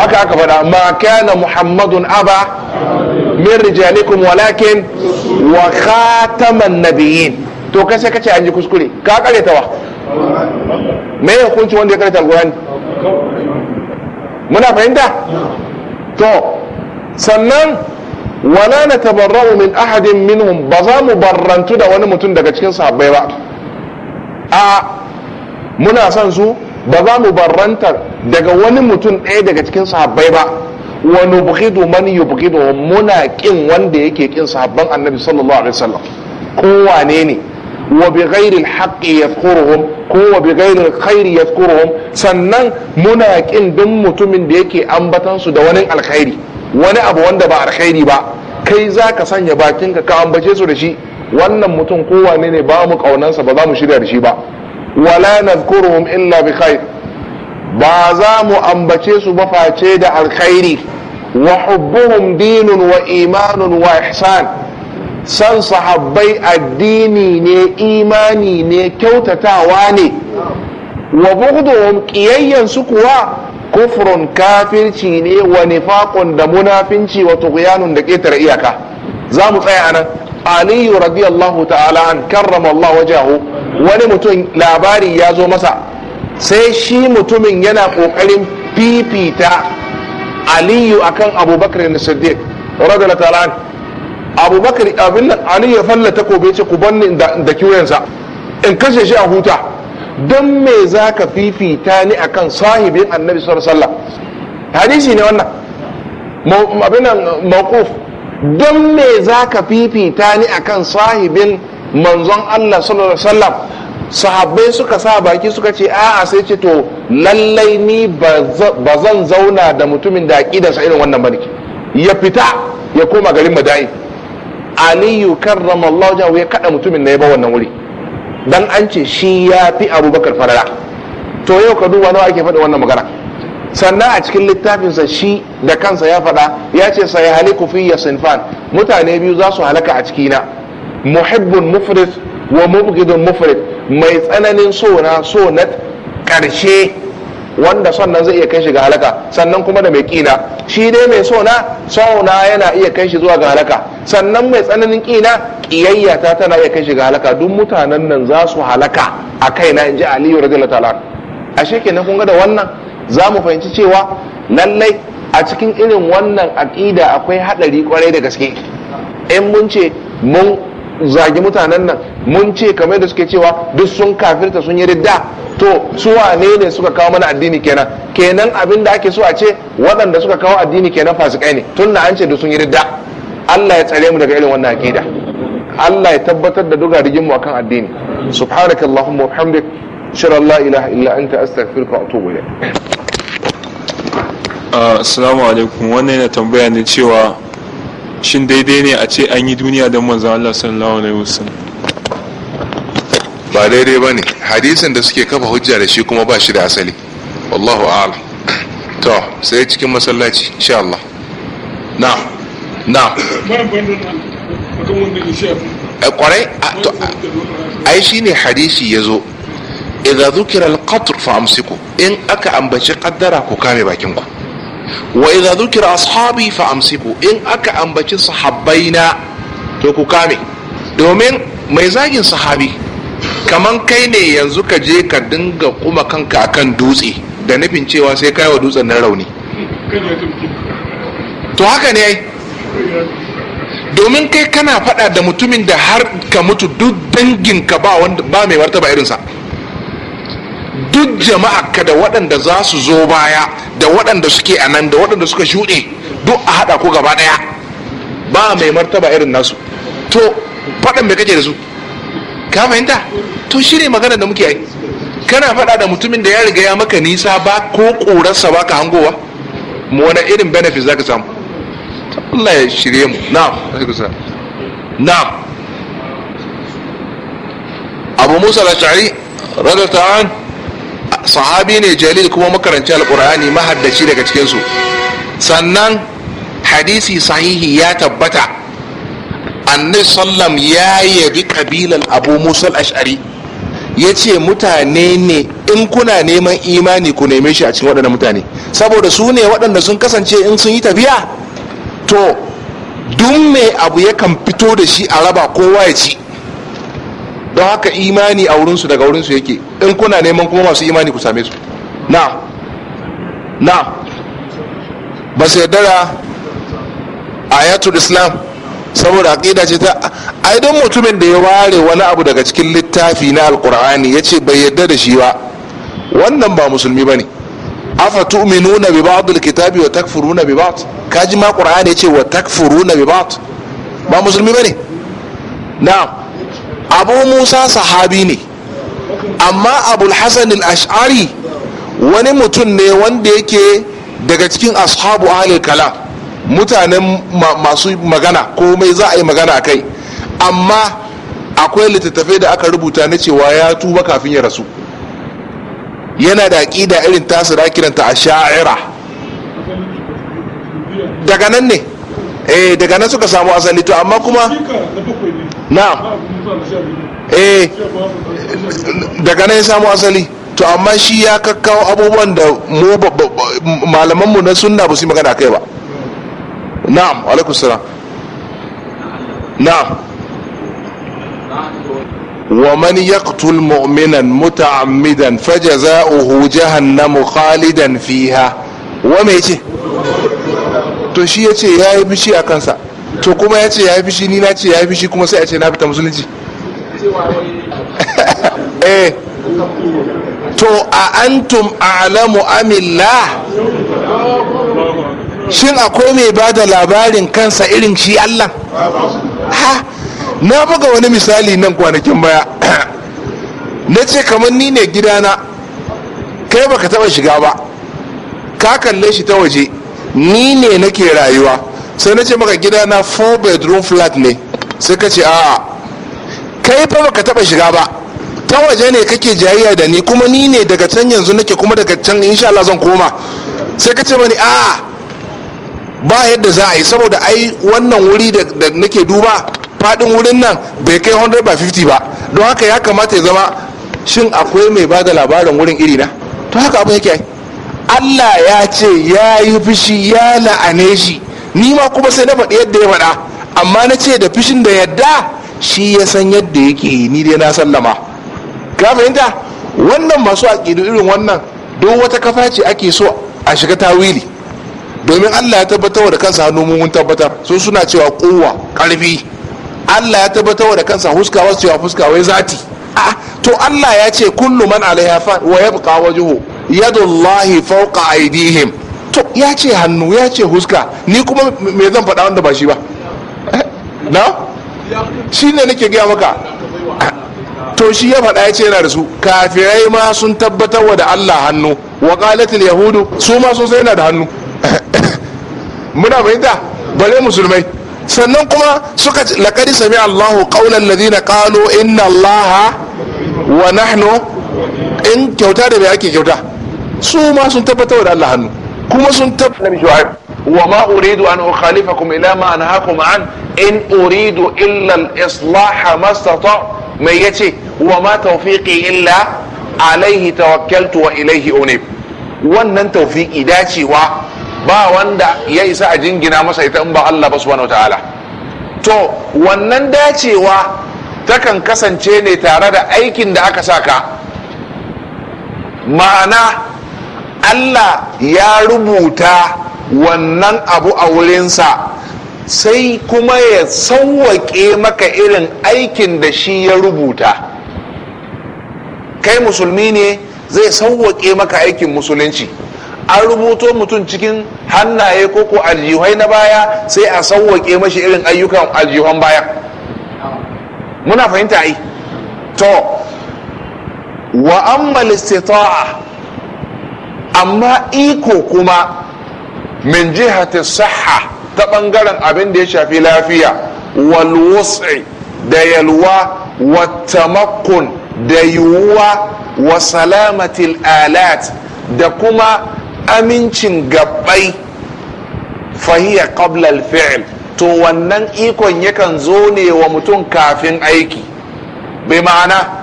haka aka faɗa ma kana muhammadun aba min rijalikum walakin wa khataman nabiyyin to kai sai kace an ji kuskure ka wa? me ya hukunci wanda ya kareta alqur'ani muna fahimta to sannan wala natabarra'u min ahadin minhum ba za mu barrantu da wani mutum daga cikin sahabbai ba a muna son su ba za mu barranta daga wani mutum ɗaya daga cikin sahabbai ba wa nubghidu man yubghidu muna kin wanda yake kin sahabban annabi sallallahu alaihi wasallam ko wane ne wa bi ghairi alhaqqi yadhkuruhum ko wa bi ghairi alkhairi yadhkuruhum sannan muna kin duk mutumin da yake ambatan su da wani alkhairi wani abu wanda ba alkhairi ba kai zaka sanya bakinka ka ambace su da shi wannan mutum wane ne ba mu kaunansa ba za mu shirya da shi ba wala nadhkuruhum illa bi khair ba za mu ambace su ba face da alkhairi wa hubbuhum dinun wa imanun wa ihsan san sahabbai addini ne imani ne kyautatawa ne wa bughduhum qiyayyan su kuwa kufrun kafirci ne wa nifaqun da munafinci wa tughyanun da ƙetare iyaka za mu tsaya anan aliyu radiyallahu ta'ala an karrama Allah wajahu wani mutum labari ya zo masa sai shi mutumin yana kokarin fifita aliyu akan abubakar na siddiq radiyallahu ta'ala abubakar abin nan aliyu ya falla kobe ce ku banni da kiwayensa in kashe shi a huta don me za ka fifita ni akan sahibin annabi sallallahu alaihi hadisi ne wannan abin nan mawquf don me za ka fifita ni akan sahibin manzon Allah sallallahu alaihi wasallam sahabbai suka sa baki suka ce a'a sai ce to lallai ni ba zan zauna da mutumin da aƙidarsa irin wannan bane ya fita ya koma garin madai aliyu kan Allah lauja ya kada mutumin na ya ba wannan wuri dan an ce shi ya fi abubakar farara to yau ka duba nawa ake faɗi wannan magana sannan a cikin littafinsa shi da kansa ya faɗa ya ce sai haliku fi sinfan mutane biyu za su halaka a cikina muhibbun mufrid wa mubghidun mufrid mai tsananin so na so na ƙarshe wanda son nan zai iya kai shi ga halaka sannan kuma da mai ƙina shi dai mai so na so na yana iya kai shi zuwa ga halaka sannan mai tsananin ƙina ƙiyayya ta tana iya kai shi ga halaka duk mutanen nan za su halaka a kai na inji aliyu radiyallahu ta'ala ashe kenan kun ga da wannan za mu fahimci cewa lallai a cikin irin wannan aƙida akwai haɗari kwarai da gaske in mun ce mun zagi mutanen nan mun ce kamar da suke cewa duk sun kafirta sun yi ridda to su wane ne suka kawo mana addini kenan kenan abin da ake so a ce waɗanda suka kawo addini kenan fasikai ne tun da an ce duk sun yi ridda Allah ya tsare mu daga irin wannan aqida Allah ya tabbatar da duga rigin mu akan addini subhanakallahumma wa bihamdik shara la ilaha illa anta astaghfiruka wa atubu ilayk uh, assalamu alaikum wannan ne tambaya ne cewa shin daidai ne a ce an yi duniya don manzon Allah sallallahu alaihi wasallam ba daidai ba ne hadisin da suke kafa hujja da shi kuma ba shi da asali wallahu a'ala to sai cikin masallaci insha Allah na na eh, A kwarai yi shi ne hadisi ya zo idza zukira al-qatr fa amsiku in aka ambaci kaddara ku kame bakin ku wa idza dhukira ashabi fa amsiku in aka ambaci sahabbaina to ku kame domin mai zagin sahabi kaman kai ne yanzu ka je ka dinga kuma kanka akan dutse da nufin cewa sai kai wa dutsen nan rauni to haka ne domin kai kana fada da mutumin da har ka mutu duk danginka ba wanda ba mai martaba irinsa duk jama'a da waɗanda za su zo baya da waɗanda suke a nan da waɗanda suka shuɗe duk a haɗa ku gaba ɗaya ba mai martaba irin nasu to faɗan mai kake da su ka fahimta to shi ne magana da muke yi kana faɗa da mutumin da ya riga ya maka nisa ba ko ƙorarsa ba ka hangowa mu wani irin benefit za ka samu Allah ya shirye mu na'am na'am abu musa da ashari radar ta'an sahabi ne jalil kuma makarantar alkur'ani mahaddaci daga cikinsu sannan hadisi sahihi ya tabbata annabi sallam ya yabi kabilan abu musul ash'ari ya ce mutane ne in kuna neman imani ku neme shi a cikin waɗannan mutane saboda su ne waɗanda sun kasance in sun yi tafiya to duk me abu yakan fito da shi a raba kowa ya ci don haka imani a wurinsu daga wurinsu yake in kuna neman kuma masu imani ku same su na na ba su yaddara ayatul islam saboda aqida ce ta A idan mutumin da ya ware wani abu daga cikin littafi na alkur'ani ya ce bai yadda da shi ba wannan ba musulmi ba ne afa tu'minuna bi ba'd alkitabi wa na bi ba'd kaji ma qur'ani ya ce wa takfuruna bi ba'd ba musulmi ba ne na'am abu musa sahabi ne amma abul ashari wani mutum ne wanda yake daga cikin ashabu ahalil kala mutanen masu magana komai za a yi magana kai amma akwai littattafai da aka rubuta na cewa ya tuba kafin ya rasu yana da aƙida irin tasira kiranta a sha'ira daga nan ne eh daga nan suka samu asali to amma kuma Na'am, eh daga nan ya samu asali to amma shi ya kakkawo abubuwan da mu malamanmu na sunna ba su yi magana kai ba na'am alaikum salam na'am ومن يقتل مؤمنا متعمدا فجزاؤه جهنم خالدا فيها وما يجي to shi ya ce ya yi a kansa to kuma ya ce ya yi fishi ni na ce ya yi fishi kuma sai a ce na fita musulunci eh to a antum a'lamu amillah shin akwai mai ba da labarin kansa irin shi allah ha na buga wani misali nan kwanakin baya na ce kamar ni ne gidana kai baka taba shiga ba ka kalle shi ta waje ni ne nake rayuwa sai na ce maka gida na 4 bedroom flat ne sai ka ce a'a kai fa baka taba shiga ba ta waje ne kake jayayya da ni kuma ni ne daga can yanzu nake kuma daga can insha Allah zan koma sai ka ce mani a'a ba yadda za a yi saboda ai wannan wuri da nake duba fadin wurin nan bai kai 100 by 50 ba don haka ya kamata ya zama shin akwai mai ba da labarin wurin iri na to haka abu yake Allah ya ce ya yi fushi ya la'ane shi ni ma kuma sai na faɗi yadda ya faɗa amma na ce da fishin da yadda shi ya san yadda yake yi ni dai na sallama ka fahimta wannan masu aƙidu irin wannan don wata kafa ce ake so a shiga tawili domin allah ya tabbatar da kansa hannu mun tabbatar sun suna cewa kowa ƙarfi allah ya tabbatar da kansa huska wasu cewa fuska wai zati a to allah ya ce kullu man alaiha fan wa yabqa wajhu yadullahi fawqa aydihim ya ce hannu ya ce huska ni kuma me zan faɗa wanda ba shi ba eh, na shi ne nake gaya maka to shi ya faɗa ya ce yana da su kafirai ma sun tabbatar wa da allah hannu wa qalatil yahudu su ma sun sai yana da hannu muna fahimta bare musulmai sannan kuma suka laqad sami allahu qawlan ladina qalu inna allaha wa nahnu in kyauta da bai ake kyauta su ma sun tabbatar da Allah hannu kuma sun tab nabi shu'aib wa ma uridu an ukhalifakum ila ma anhaakum an in uridu illa al-islah ma istata mai yace wa ma tawfiqi illa alaihi tawakkaltu wa ilaihi unib wannan tawfiqi dacewa ba wanda ya isa a jingina masa ita in ba Allah ba subhanahu ta'ala to wannan dacewa takan kasance ne tare da aikin da aka saka ma'ana allah ya rubuta wannan abu a wurinsa sai kuma ya sauwaƙe maka irin aikin da shi ya rubuta kai musulmi ne zai sauwaƙe maka aikin musulunci an rubuto mutum cikin hannaye ko ko aljihai na baya sai a sauwaƙe mashi irin ayyukan aljihan baya. muna fahimta ai to wa amma amma iko kuma min jihati sahha ta bangaren abin da ya shafi lafiya wal da yalwa wattamakkun da yiwuwa wa salamatil alat da kuma amincin gabbai fahiya qabla al-fi'l to wannan ikon yakan zo ne wa mutum kafin aiki bi ma'ana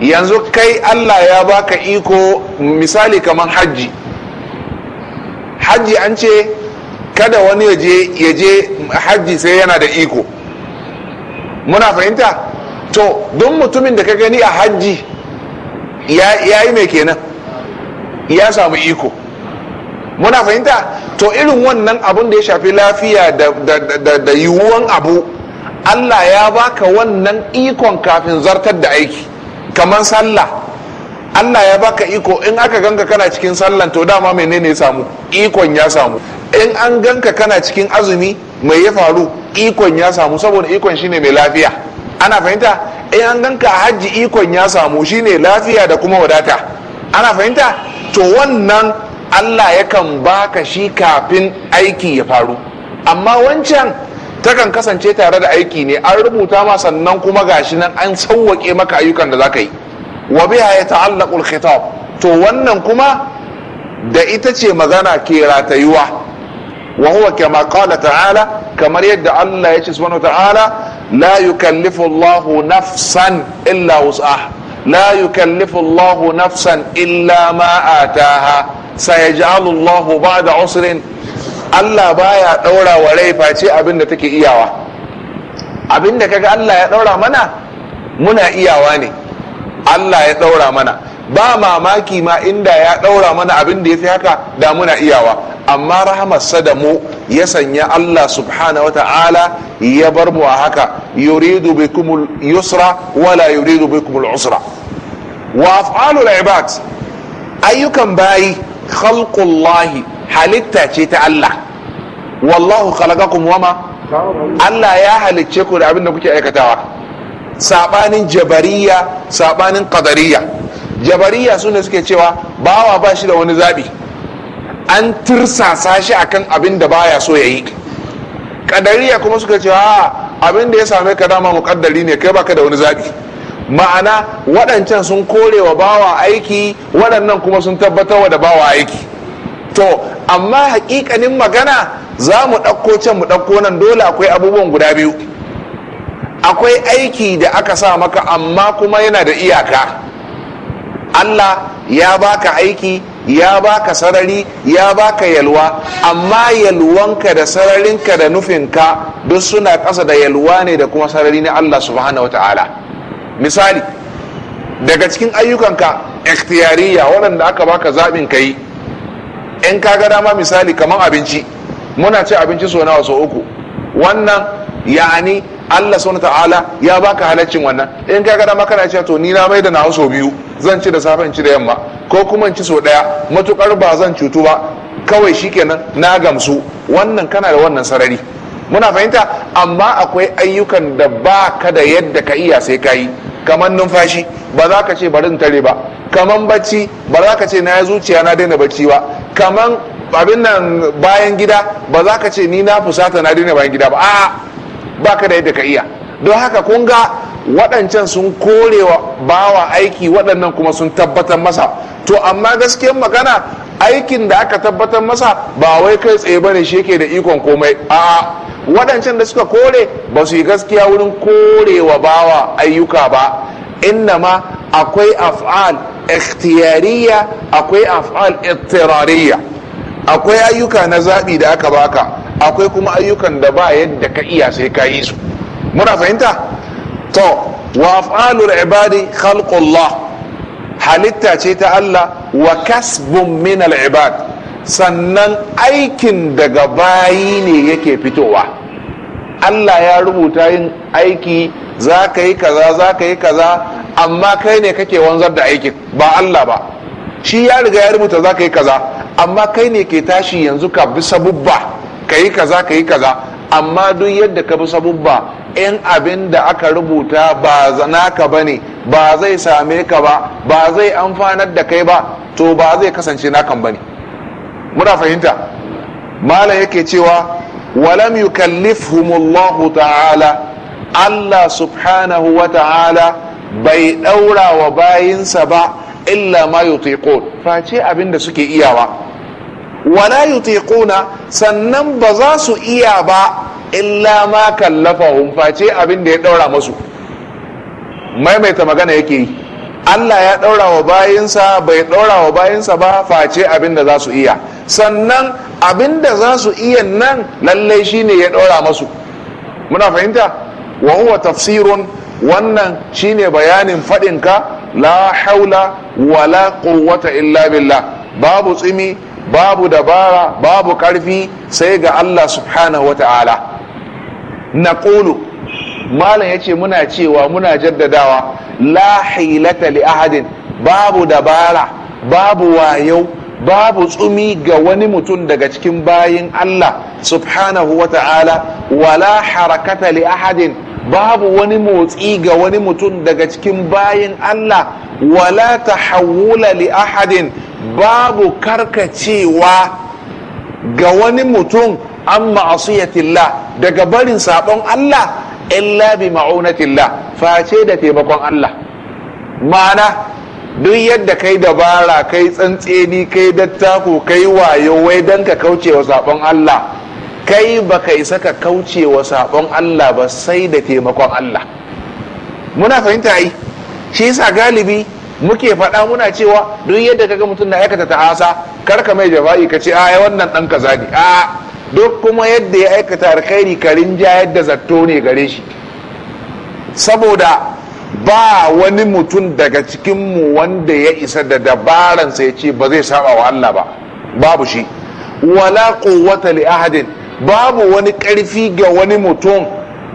yanzu kai Allah ya baka iko misali kamar hajji hajji an ce kada wani ya je hajji sai yana da iko muna fahimta to don mutumin da ka gani a hajji ya yi mai kenan ya samu iko muna fahimta to irin wannan abun da ya shafi lafiya da yiwuwan abu allah ya baka wannan ikon kafin zartar da aiki kamar sallah Allah ya baka iko in aka ganka kana cikin sallan to dama menene ya samu ikon ya samu in an ganka kana cikin azumi mai ya faru ikon ya samu saboda ikon shine mai lafiya ana fahimta in an ganka a hajji ikon ya samu shine lafiya da kuma wadata ana fahimta to wannan Allah yakan baka shi kafin aiki ya faru amma wancan takan kasance tare da aiki ne an rubuta ma sannan kuma gashi nan an sauwaƙe maka ayyukan da za ka yi wa biha ya ta'allaqul khitab to wannan kuma da ita ce magana ke ratayuwa wa huwa kama qala ta'ala kamar yadda Allah ya ce subhanahu ta'ala la yukallifu Allahu nafsan illa wus'aha la yukallifu Allahu nafsan illa ma ataha sayaj'alu Allahu ba'da usrin Allah baya ɗaura wa rai face abin da take iyawa abin da kaga Allah ya ɗaura mana muna iyawa ne Allah ya ɗaura mana ba mamaki ma inda ya ɗaura mana abin da ya fi haka da muna iyawa amma rahamarsa da mu ya sanya Allah subhanahu wa ta'ala ya bar mu a haka yuridu bikumul yusra wala yuridu bikumul usra wa af'alul ibad ayyukan bayi khalqullahi halitta ce ta Allah wallahu khalaqakum wama Allah ya halicce ku da abin da kuke aikatawa sabanin jabariya sabanin qadariya jabariya sune suke cewa bawa ba shi da wani zabi an tirsasa shi akan abin da baya so ya yi qadariya kuma suke cewa abin da ya same ka dama muqaddari ne kai baka da wani zabi ma'ana waɗancan sun korewa bawa aiki waɗannan kuma sun tabbatar wa da bawa aiki to amma hakikanin magana za mu ɗauko can mu ɗauko nan dole akwai abubuwan guda biyu akwai aiki da aka sa maka amma kuma yana da iyaka allah ya baka aiki ya baka sarari ya baka yalwa amma yalwanka da sararinka da nufinka duk suna ƙasa da yalwa ne da kuma sarari na allah subhanahu wa misali daga cikin ayyukanka ikhtiyariya waɗanda aka baka zaɓin ka yi in ka ga dama misali kamar abinci muna ce abinci so nawa so uku wannan ya'ani Allah subhanahu ta'ala ya baka halaccin wannan in ka ga dama kana cewa to ni na mai da na so biyu zan ci da safe in ci da yamma ko kuma in ci so daya matukar ba zan cutu ba kawai shikenan na gamsu wannan kana da wannan sarari muna fahimta amma akwai ayyukan da baka da yadda ka iya sai ka yi kamar numfashi ba za ka ce bari in tare ba kamar bacci ba za ka ce na ya zuciya na daina bacci ba kaman abin nan bayan gida ba za ka ce ni na fusata na daina bayan gida ba a ba ka da yadda ka iya don haka kun ga waɗancan sun korewa bawa aiki waɗannan kuma sun tabbatar masa to amma gaskiyar magana aikin da aka tabbatar masa ba wai kai tsaye ne shi yake da ikon komai a waɗancan da suka kore ba su yi gaskiya wurin korewa bawa ayyuka ba inna ma akwai af'al ikhtiyariya akwai af'al akwai ayyuka na zaɓi da aka baka akwai kuma ayyukan da ba yadda ka iya sai ka yi su muna fahimta to wa af'alul ibadi khalqullah halitta ce ta Allah wa kasbun min al ibad sannan aikin daga bayi ne yake fitowa Allah ya rubuta yin aiki za ka yi kaza za ka yi kaza amma kai ne kake wanzar da aikin ba Allah ba shi ya riga ya rubuta za ka yi kaza amma kai ne ke tashi yanzu ka bi sabubba ka yi kaza ka yi kaza amma duk yadda ka bi sabubba yan abin da aka rubuta ba zanaka ba ne ba zai same ka ba ba zai amfanar da kai ba to ba zai kasance nakan ba ne muna fahimta malam yake cewa walam yukallifhumullahu ta'ala Allah subhanahu wa ta'ala bai daura wa bayinsa ba illa ma yutiqun face abin da suke iyawa wala yutiquna sannan ba za su iya ba illa ma kallafahum face abin da ya daura musu maimaita magana yake yi Allah ya daura wa bayinsa bai daura wa bayinsa ba face abin da za su iya sannan abin da za su iya nan lallai shine ya daura musu muna fahimta wa huwa tafsirun wannan shine bayanin faɗinka la haula wala quwwata illa billah babu tsimi babu dabara babu karfi sai ga Allah subhanahu wa ta'ala na ƙulu malam ya ce muna cewa muna jaddadawa la hilata li ahadin babu dabara babu wayo babu tsumi ga wani mutum daga cikin bayin Allah subhanahu wa ta'ala wala harakata li ahadin babu wani motsi ga wani mutum daga cikin bayin Allah wala hawula li ahadin babu karkacewa ga wani mutum an ma'asiyatillah daga barin sabon Allah illa bi ma'unatillah face da taimakon Allah ma'ana duk yadda kai dabara kai tsantseni kai dattako kai wayo wai don ka kauce wa sabon Allah kai baka isa ka kauce wa sabon Allah ba sai da taimakon Allah muna fahimta yi shi sa galibi muke faɗa muna cewa duk yadda ka ga mutum na aikata ta'asa kar ka mai jafa'i ka ce ai wannan dan kaza ne a duk kuma yadda ya aikata alkhairi karin ja yadda zato ne gare shi saboda ba wani mutum daga cikin mu wanda ya isa da dabaransa ya ce ba zai saba wa Allah ba babu shi wala quwwata li ahadin babu wani ƙarfi ga wani mutum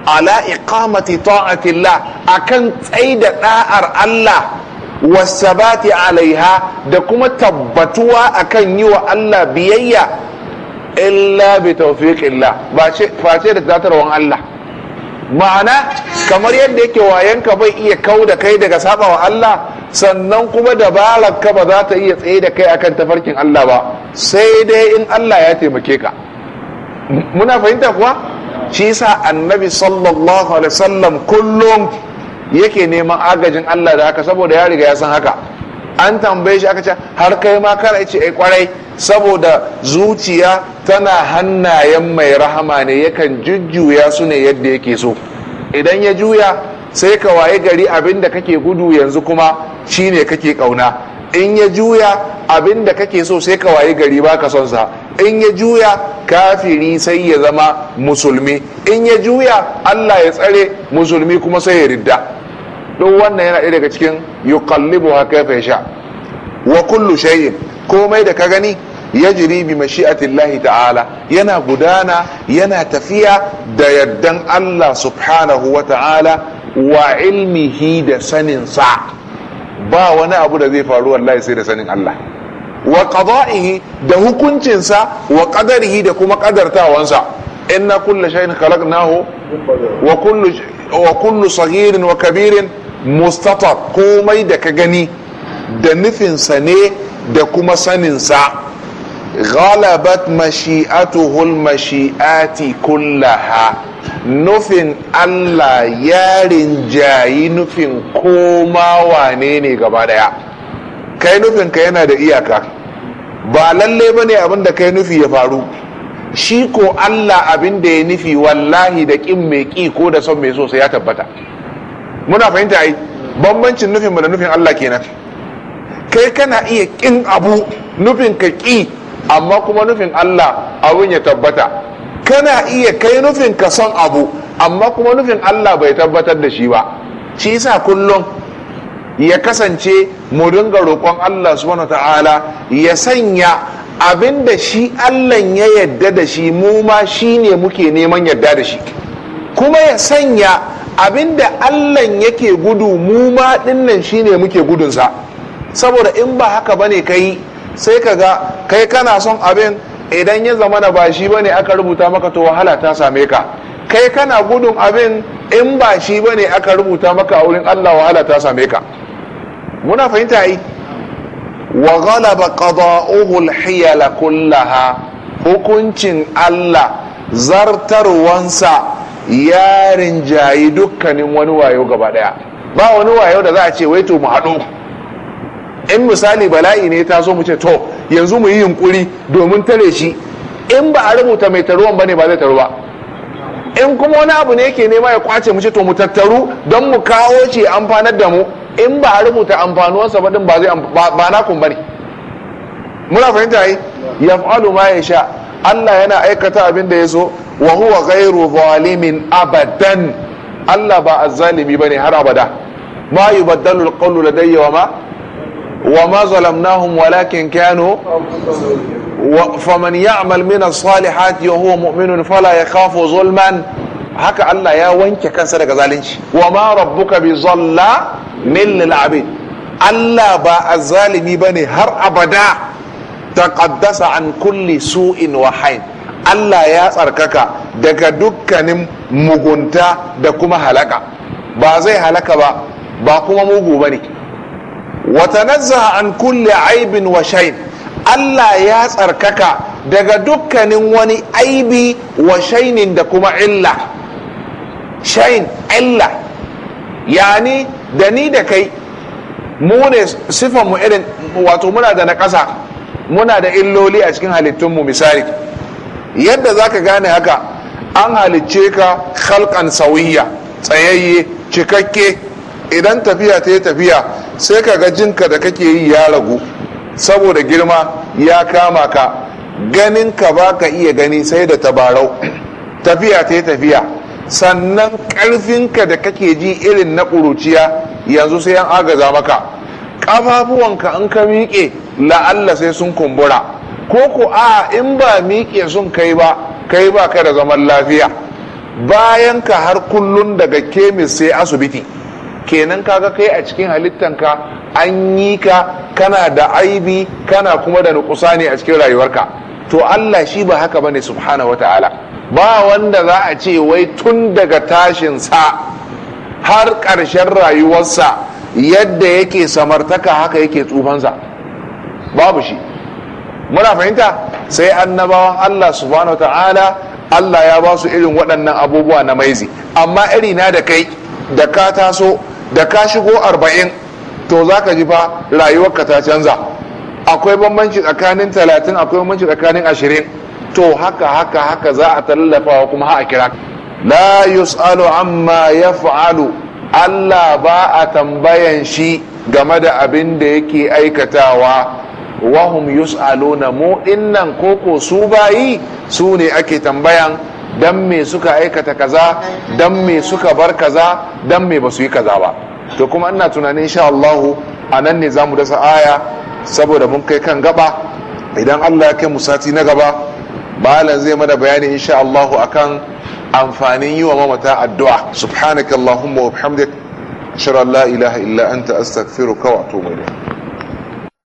ala iqamati ta'atillah akan tsaida da'ar Allah wasabati alaiha da kuma tabbatuwa akan yi wa Allah biyayya illa bi tawfiqillah ba ce da zatarwan Allah ma'ana kamar yadda yake wayanka bai iya kau da kai daga saba wa Allah sannan kuma dabararka ka ba za ta iya tsaye da kai akan tafarkin Allah ba sai dai in Allah ya taimake ka muna fahimta kuwa shi sa annabi sallallahu alaihi wasallam kullum yake neman agajin Allah da haka saboda ya riga ya san haka an tambaye shi aka ce har kai ma kar ce ai eh, kwarai saboda zuciya tana hannayen mai rahama ne yakan jujjuya su ne yadda yake so idan ya juya sai ka waye gari abinda kake gudu yanzu kuma shine kake kauna in ya juya abinda kake so sai ka waye gari baka son sa in ya juya kafiri sai ya zama musulmi in ya juya Allah ya tsare musulmi kuma sai ya ridda don wannan yana ɗaya daga cikin yuqallibu haka ya sha wa kullu shay'in komai da ka gani ya jiri bi mashi'atillahi ta'ala yana gudana yana tafiya da yardan Allah subhanahu wa ta'ala wa ilmihi da saninsa ba wani abu da zai faru wallahi sai da sanin Allah wa qada'ihi da hukuncinsa wa qadarihi da kuma qadartawansa inna kullu shay'in khalaqnahu wa kullu wa kullu saghirin wa kabirin mustatab komai da ka gani da nufin sa ne da kuma sanin sa ghalabat mashi'atuhul mashi'ati kullaha nufin Allah yarin jayi nufin koma wane ne gaba daya kai nufin ka yana da iyaka ba lalle ne abin da kai nufi ya faru shi ko Allah abin da ya nufi wallahi da ƙin mai ƙi ko da son mai so sai ya tabbata muna fahimta ai bambancin nufin mu da nufin Allah kenan kai kana iya ƙin abu nufin ka ki amma kuma nufin Allah abin ya tabbata kana iya kai nufin ka son abu amma kuma nufin Allah bai tabbatar da shi ba shi yasa kullum ya kasance mu dinga roƙon Allah subhanahu ta'ala ya sanya abin da shi Allah ya yadda da shi mu ma shi ne muke neman yadda da shi kuma ya sanya abin da Allah yake gudu mu ma dinnan shi ne muke gudunsa saboda in ba haka bane kai sai ka ga kai kana son abin idan ya zama na ba shi bane aka rubuta maka to wahala ta same ka kai kana gudun abin in ba shi bane aka rubuta maka a wurin Allah wahala ta same ka muna fahimta yi. wa galaba qada'uhu al kullaha hukuncin Allah zartarwansa ya rinjayi dukkanin wani wayo gaba daya ba wani wayo da za a ce wai to mu haɗu in misali bala'i ne ta zo mu ce to yanzu mu yi yunkuri domin tare shi in ba a rubuta mai taruwan bane ba zai taru ba in kuma wani abu ne yake nema ya kwace mu ce to mu tattaru don mu kawo ce amfanar da mu in ba a rubuta amfanuwansa ba din ba zai ba na kun bane muna fahimta yi yaf'alu ma yasha Allah yana aikata abin da yaso wa huwa ghairu zalimin abadan Allah ba azzalimi bane har abada ma yubaddalu alqawlu ladayya wa ma wa ma zalamnahum walakin kanu فمن يعمل من الصالحات وهو مؤمن فلا يخاف ظلما haka Allah ya wanke kansa daga zalunci wa ma rabbuka bi zalla min lil abid Allah ba azzalimi bane har abada taqaddasa an kulli su'in wa hain Allah ya tsarkaka daga dukkanin mugunta da kuma halaka ba zai halaka ba ba kuma mugu bane wa tanazzaha an kulli aibin wa Allah ya tsarkaka daga dukkanin wani aibi wa shainin da kuma illa shayin illa yani da ni da kai mu ne sifan mu irin wato muna da na ƙasa muna da illoli a cikin halittunmu misali yadda za ka gane haka an halicce ka halkan sauyiya tsayayye cikakke idan tafiya ta yi tafiya sai ka ga jinka da kake yi ya ragu saboda girma ya kama ka ganin ka ba ka iya gani sai da tabarau tafiya ta yi tafiya sannan ƙarfinka da kake ji irin na ƙuruciya yanzu sai an agaza maka ƙafafuwanka in ka miƙe la'alla sai sun kumbura ko ku a in ba miƙe sun kai ba kai ba ka da zaman lafiya bayan ka har kullum daga kemis sai asibiti kenan kaga kai a cikin halittanka an yi ka kana da aibi kana kuma da ne a cikin rayuwarka to Allah shi ba haka bane subhanahu wataala ba wanda za a ce wai tun daga tashinsa har ƙarshen rayuwarsa yadda yake samartaka haka yake tsufansa babu shi muna fahimta sai annabawan allah subhanahu ta'ala allah ya ba su irin waɗannan abubuwa na maizi amma iri na da kai da ka taso da ka shigo arba'in to za ka ji fa rayuwarka ta canza akwai bambanci tsakanin talatin akwai bambanci tsakanin ashirin to haka haka haka za a tallafa kuma ha a kira la yus'alu amma ya fa'alu Allah ba a tambayan shi game da abin da yake aikatawa wahum na mu dinnan koko su bayi su ne ake tambayan dan me suka aikata kaza dan me suka bar kaza dan me su yi kaza ba to kuma ina tunanin insha Allah nan ne zamu dasa aya saboda mun kai kan gaba idan Allah ya kai mu sati na gaba malam zai mana bayani insha Allah akan amfanin yi wa mamata addu'a subhanakallahumma wa bihamdik ashhadu an la ilaha illa anta astaghfiruka wa atubu ilayk